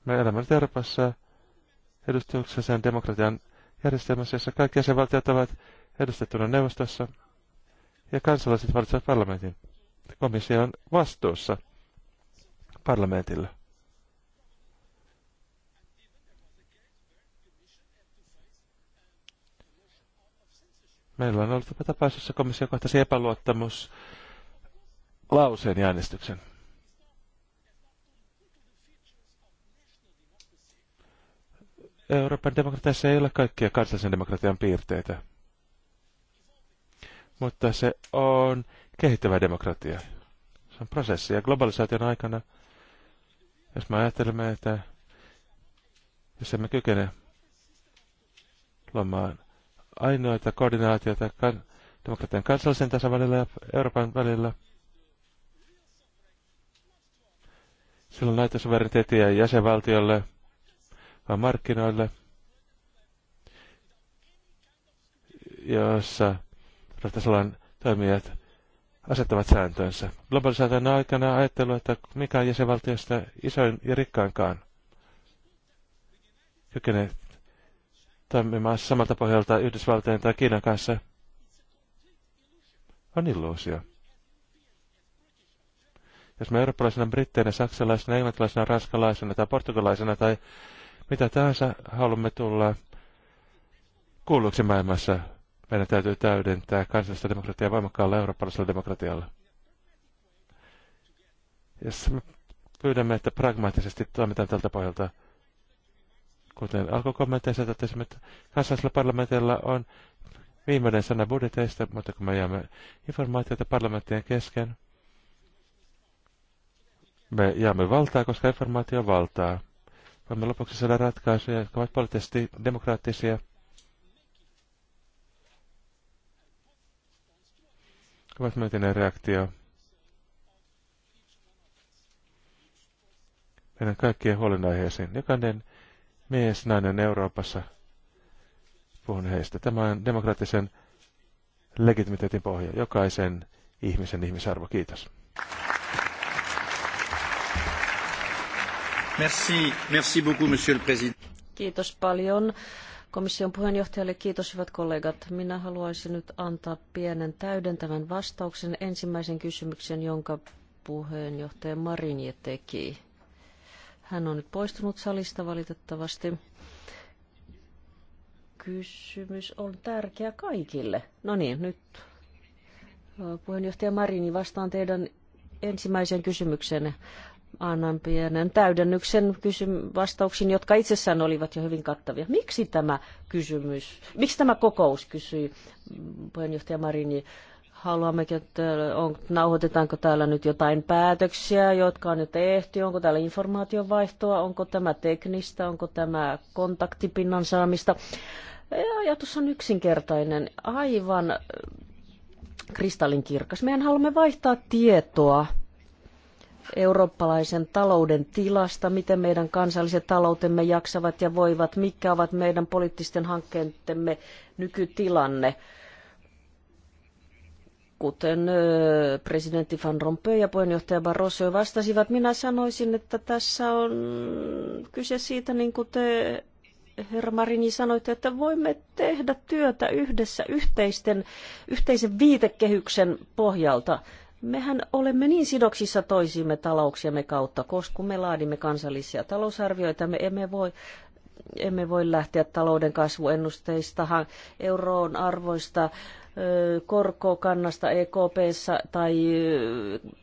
Me elämme Euroopassa edustuksessa demokratian järjestelmässä, jossa kaikki jäsenvaltiot ovat edustettuna neuvostossa ja kansalaiset valitsevat parlamentin. Komissio on vastuussa parlamentille. Meillä on ollut tapaus, jossa komissio kohtasi epäluottamus lauseen ja äänestyksen. Euroopan demokratiassa ei ole kaikkia kansallisen demokratian piirteitä, mutta se on kehittävä demokratia. Se on prosessi ja globalisaation aikana, jos me ajattelemme, että jos emme kykene luomaan ainoita koordinaatioita kan demokratian kansallisen tasan välillä ja Euroopan välillä, silloin näitä suvereniteettiä jäsenvaltiolle markkinoille, joissa rattasalan toimijat asettavat sääntöönsä. Globalisaation aikana ajattelu, että mikään jäsenvaltiosta isoin ja rikkaankaan, kykenee toimimaan samalta pohjalta Yhdysvaltojen tai Kiinan kanssa, on illuusio. Jos me eurooppalaisena, britteinä, saksalaisena, englantilaisena, ranskalaisena tai portugalaisena tai mitä tahansa haluamme tulla kuulluksi maailmassa, meidän täytyy täydentää kansallista demokratiaa voimakkaalla eurooppalaisella demokratialla. Jos me pyydämme, että pragmaattisesti toimitaan tältä pohjalta, kuten alkukommenteissa totesimme, että kansallisella parlamentilla on viimeinen sana budjeteista, mutta kun me jaamme informaatiota parlamenttien kesken, me jaamme valtaa, koska informaatio on valtaa. Voimme lopuksi saada ratkaisuja, jotka ovat poliittisesti demokraattisia. Ovat myöntäneet reaktio. Meidän kaikkien huolenaiheisiin. Jokainen mies, nainen Euroopassa, puhun heistä. Tämä on demokraattisen legitimiteetin pohja. Jokaisen ihmisen ihmisarvo. Kiitos. Kiitos paljon komission puheenjohtajalle. Kiitos hyvät kollegat. Minä haluaisin nyt antaa pienen täydentävän vastauksen ensimmäisen kysymyksen, jonka puheenjohtaja Marinje teki. Hän on nyt poistunut salista valitettavasti. Kysymys on tärkeä kaikille. No niin, nyt puheenjohtaja Marini vastaan teidän ensimmäiseen kysymykseen annan pienen täydennyksen kysym- vastauksiin, jotka itsessään olivat jo hyvin kattavia. Miksi tämä kysymys, miksi tämä kokous kysyi puheenjohtaja Marini? Haluammeko, että on, nauhoitetaanko täällä nyt jotain päätöksiä, jotka on jo tehty, onko täällä informaation vaihtoa, onko tämä teknistä, onko tämä kontaktipinnan saamista. Ajatus on yksinkertainen, aivan kristallinkirkas. Meidän haluamme vaihtaa tietoa eurooppalaisen talouden tilasta, miten meidän kansalliset taloutemme jaksavat ja voivat, mikä ovat meidän poliittisten hankkeidemme nykytilanne. Kuten presidentti Van Rompuy ja puheenjohtaja Barroso vastasivat, minä sanoisin, että tässä on kyse siitä, niin kuin te herra Marini sanoitte, että voimme tehdä työtä yhdessä yhteisten, yhteisen viitekehyksen pohjalta – Mehän olemme niin sidoksissa toisiimme talouksiamme kautta, koska kun me laadimme kansallisia talousarvioita, me emme voi emme voi lähteä talouden kasvuennusteista, euroon arvoista, korkokannasta EKPssä tai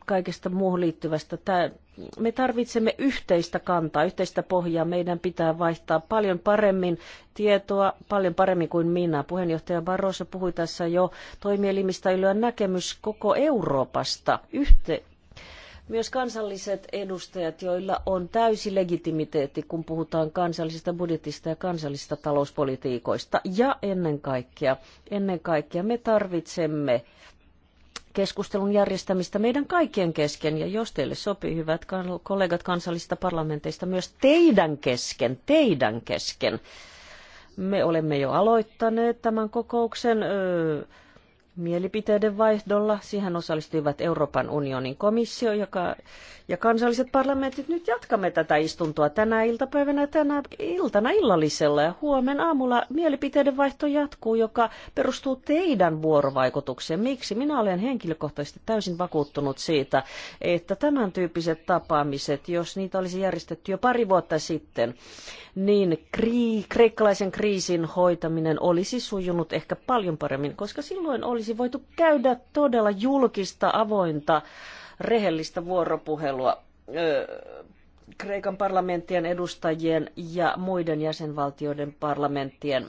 kaikesta muuhun liittyvästä. Tämä, me tarvitsemme yhteistä kantaa, yhteistä pohjaa. Meidän pitää vaihtaa paljon paremmin tietoa, paljon paremmin kuin minä. Puheenjohtaja Barroso puhui tässä jo toimielimistä ylyä näkemys koko Euroopasta. Yhte, myös kansalliset edustajat, joilla on täysi legitimiteetti, kun puhutaan kansallisesta budjetista ja kansallisista talouspolitiikoista. Ja ennen kaikkea, ennen kaikkea me tarvitsemme keskustelun järjestämistä meidän kaikkien kesken. Ja jos teille sopii, hyvät kollegat kansallisista parlamenteista, myös teidän kesken, teidän kesken. Me olemme jo aloittaneet tämän kokouksen. Öö, mielipiteiden vaihdolla. Siihen osallistuivat Euroopan unionin komissio joka, ja kansalliset parlamentit. Nyt jatkamme tätä istuntoa tänä iltapäivänä, tänä iltana illallisella ja huomenna aamulla mielipiteiden vaihto jatkuu, joka perustuu teidän vuorovaikutukseen. Miksi? Minä olen henkilökohtaisesti täysin vakuuttunut siitä, että tämän tyyppiset tapaamiset, jos niitä olisi järjestetty jo pari vuotta sitten, niin kri- kreikkalaisen kriisin hoitaminen olisi sujunut ehkä paljon paremmin, koska silloin olisi olisi voitu käydä todella julkista, avointa, rehellistä vuoropuhelua Kreikan parlamenttien edustajien ja muiden jäsenvaltioiden parlamenttien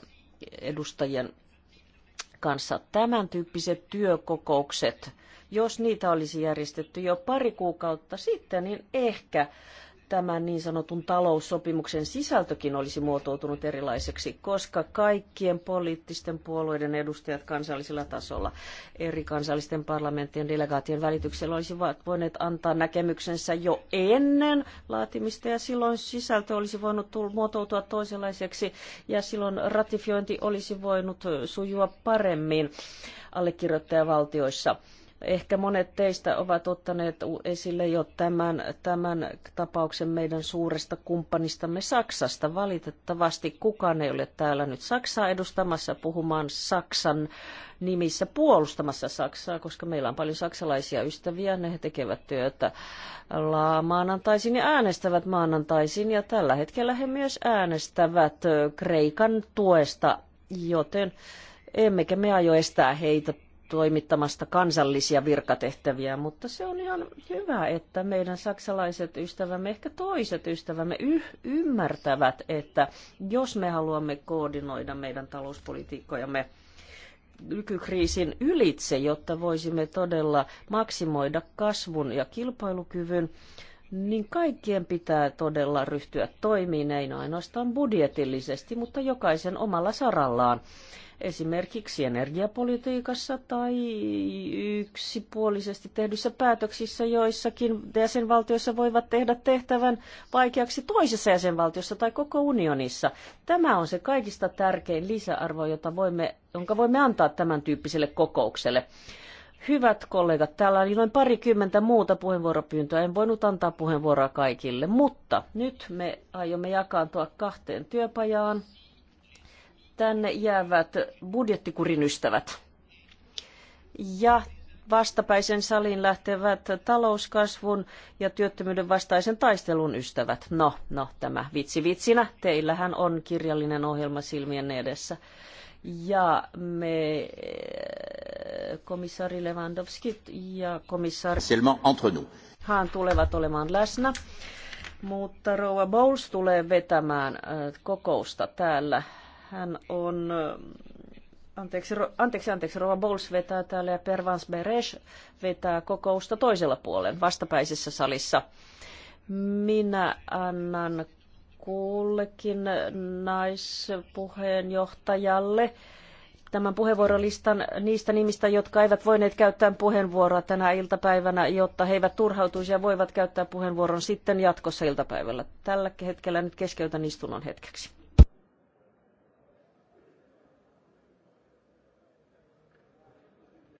edustajien kanssa. Tämän tyyppiset työkokoukset, jos niitä olisi järjestetty jo pari kuukautta sitten, niin ehkä tämän niin sanotun taloussopimuksen sisältökin olisi muotoutunut erilaiseksi, koska kaikkien poliittisten puolueiden edustajat kansallisella tasolla eri kansallisten parlamenttien delegaatien välityksellä olisivat voineet antaa näkemyksensä jo ennen laatimista ja silloin sisältö olisi voinut muotoutua toisenlaiseksi ja silloin ratifiointi olisi voinut sujua paremmin allekirjoittajavaltioissa. valtioissa Ehkä monet teistä ovat ottaneet esille jo tämän, tämän tapauksen meidän suuresta kumppanistamme Saksasta. Valitettavasti kukaan ei ole täällä nyt Saksaa edustamassa puhumaan Saksan nimissä puolustamassa Saksaa, koska meillä on paljon saksalaisia ystäviä. Ne tekevät työtä maanantaisin ja äänestävät maanantaisin ja tällä hetkellä he myös äänestävät Kreikan tuesta, joten emmekä me aio estää heitä toimittamasta kansallisia virkatehtäviä, mutta se on ihan hyvä, että meidän saksalaiset ystävämme, ehkä toiset ystävämme y- ymmärtävät, että jos me haluamme koordinoida meidän talouspolitiikkojamme nykykriisin ylitse, jotta voisimme todella maksimoida kasvun ja kilpailukyvyn, niin kaikkien pitää todella ryhtyä toimiin, ei ainoastaan budjetillisesti, mutta jokaisen omalla sarallaan. Esimerkiksi energiapolitiikassa tai yksipuolisesti tehdyissä päätöksissä, joissakin jäsenvaltioissa voivat tehdä tehtävän vaikeaksi toisessa jäsenvaltiossa tai koko unionissa. Tämä on se kaikista tärkein lisäarvo, jota voimme, jonka voimme antaa tämän tyyppiselle kokoukselle. Hyvät kollegat, täällä oli noin parikymmentä muuta puheenvuoropyyntöä. En voinut antaa puheenvuoroa kaikille, mutta nyt me aiomme jakaantua kahteen työpajaan. Tänne jäävät budjettikurin ystävät. Ja vastapäisen salin lähtevät talouskasvun ja työttömyyden vastaisen taistelun ystävät. No, no, tämä vitsi vitsinä. Teillähän on kirjallinen ohjelma silmien edessä ja me eh, komissaari Lewandowski ja komissaari Hän tulevat olemaan läsnä, mutta Rouva Bowles tulee vetämään eh, kokousta täällä. Hän on, eh, anteeksi, anteeksi, anteeksi Rouva Bowles vetää täällä ja Pervans Beres vetää kokousta toisella puolen vastapäisessä salissa. Minä annan kullekin naispuheenjohtajalle tämän puheenvuorolistan niistä nimistä, jotka eivät voineet käyttää puheenvuoroa tänä iltapäivänä, jotta he eivät turhautuisi ja voivat käyttää puheenvuoron sitten jatkossa iltapäivällä. Tällä hetkellä nyt keskeytän istunnon hetkeksi.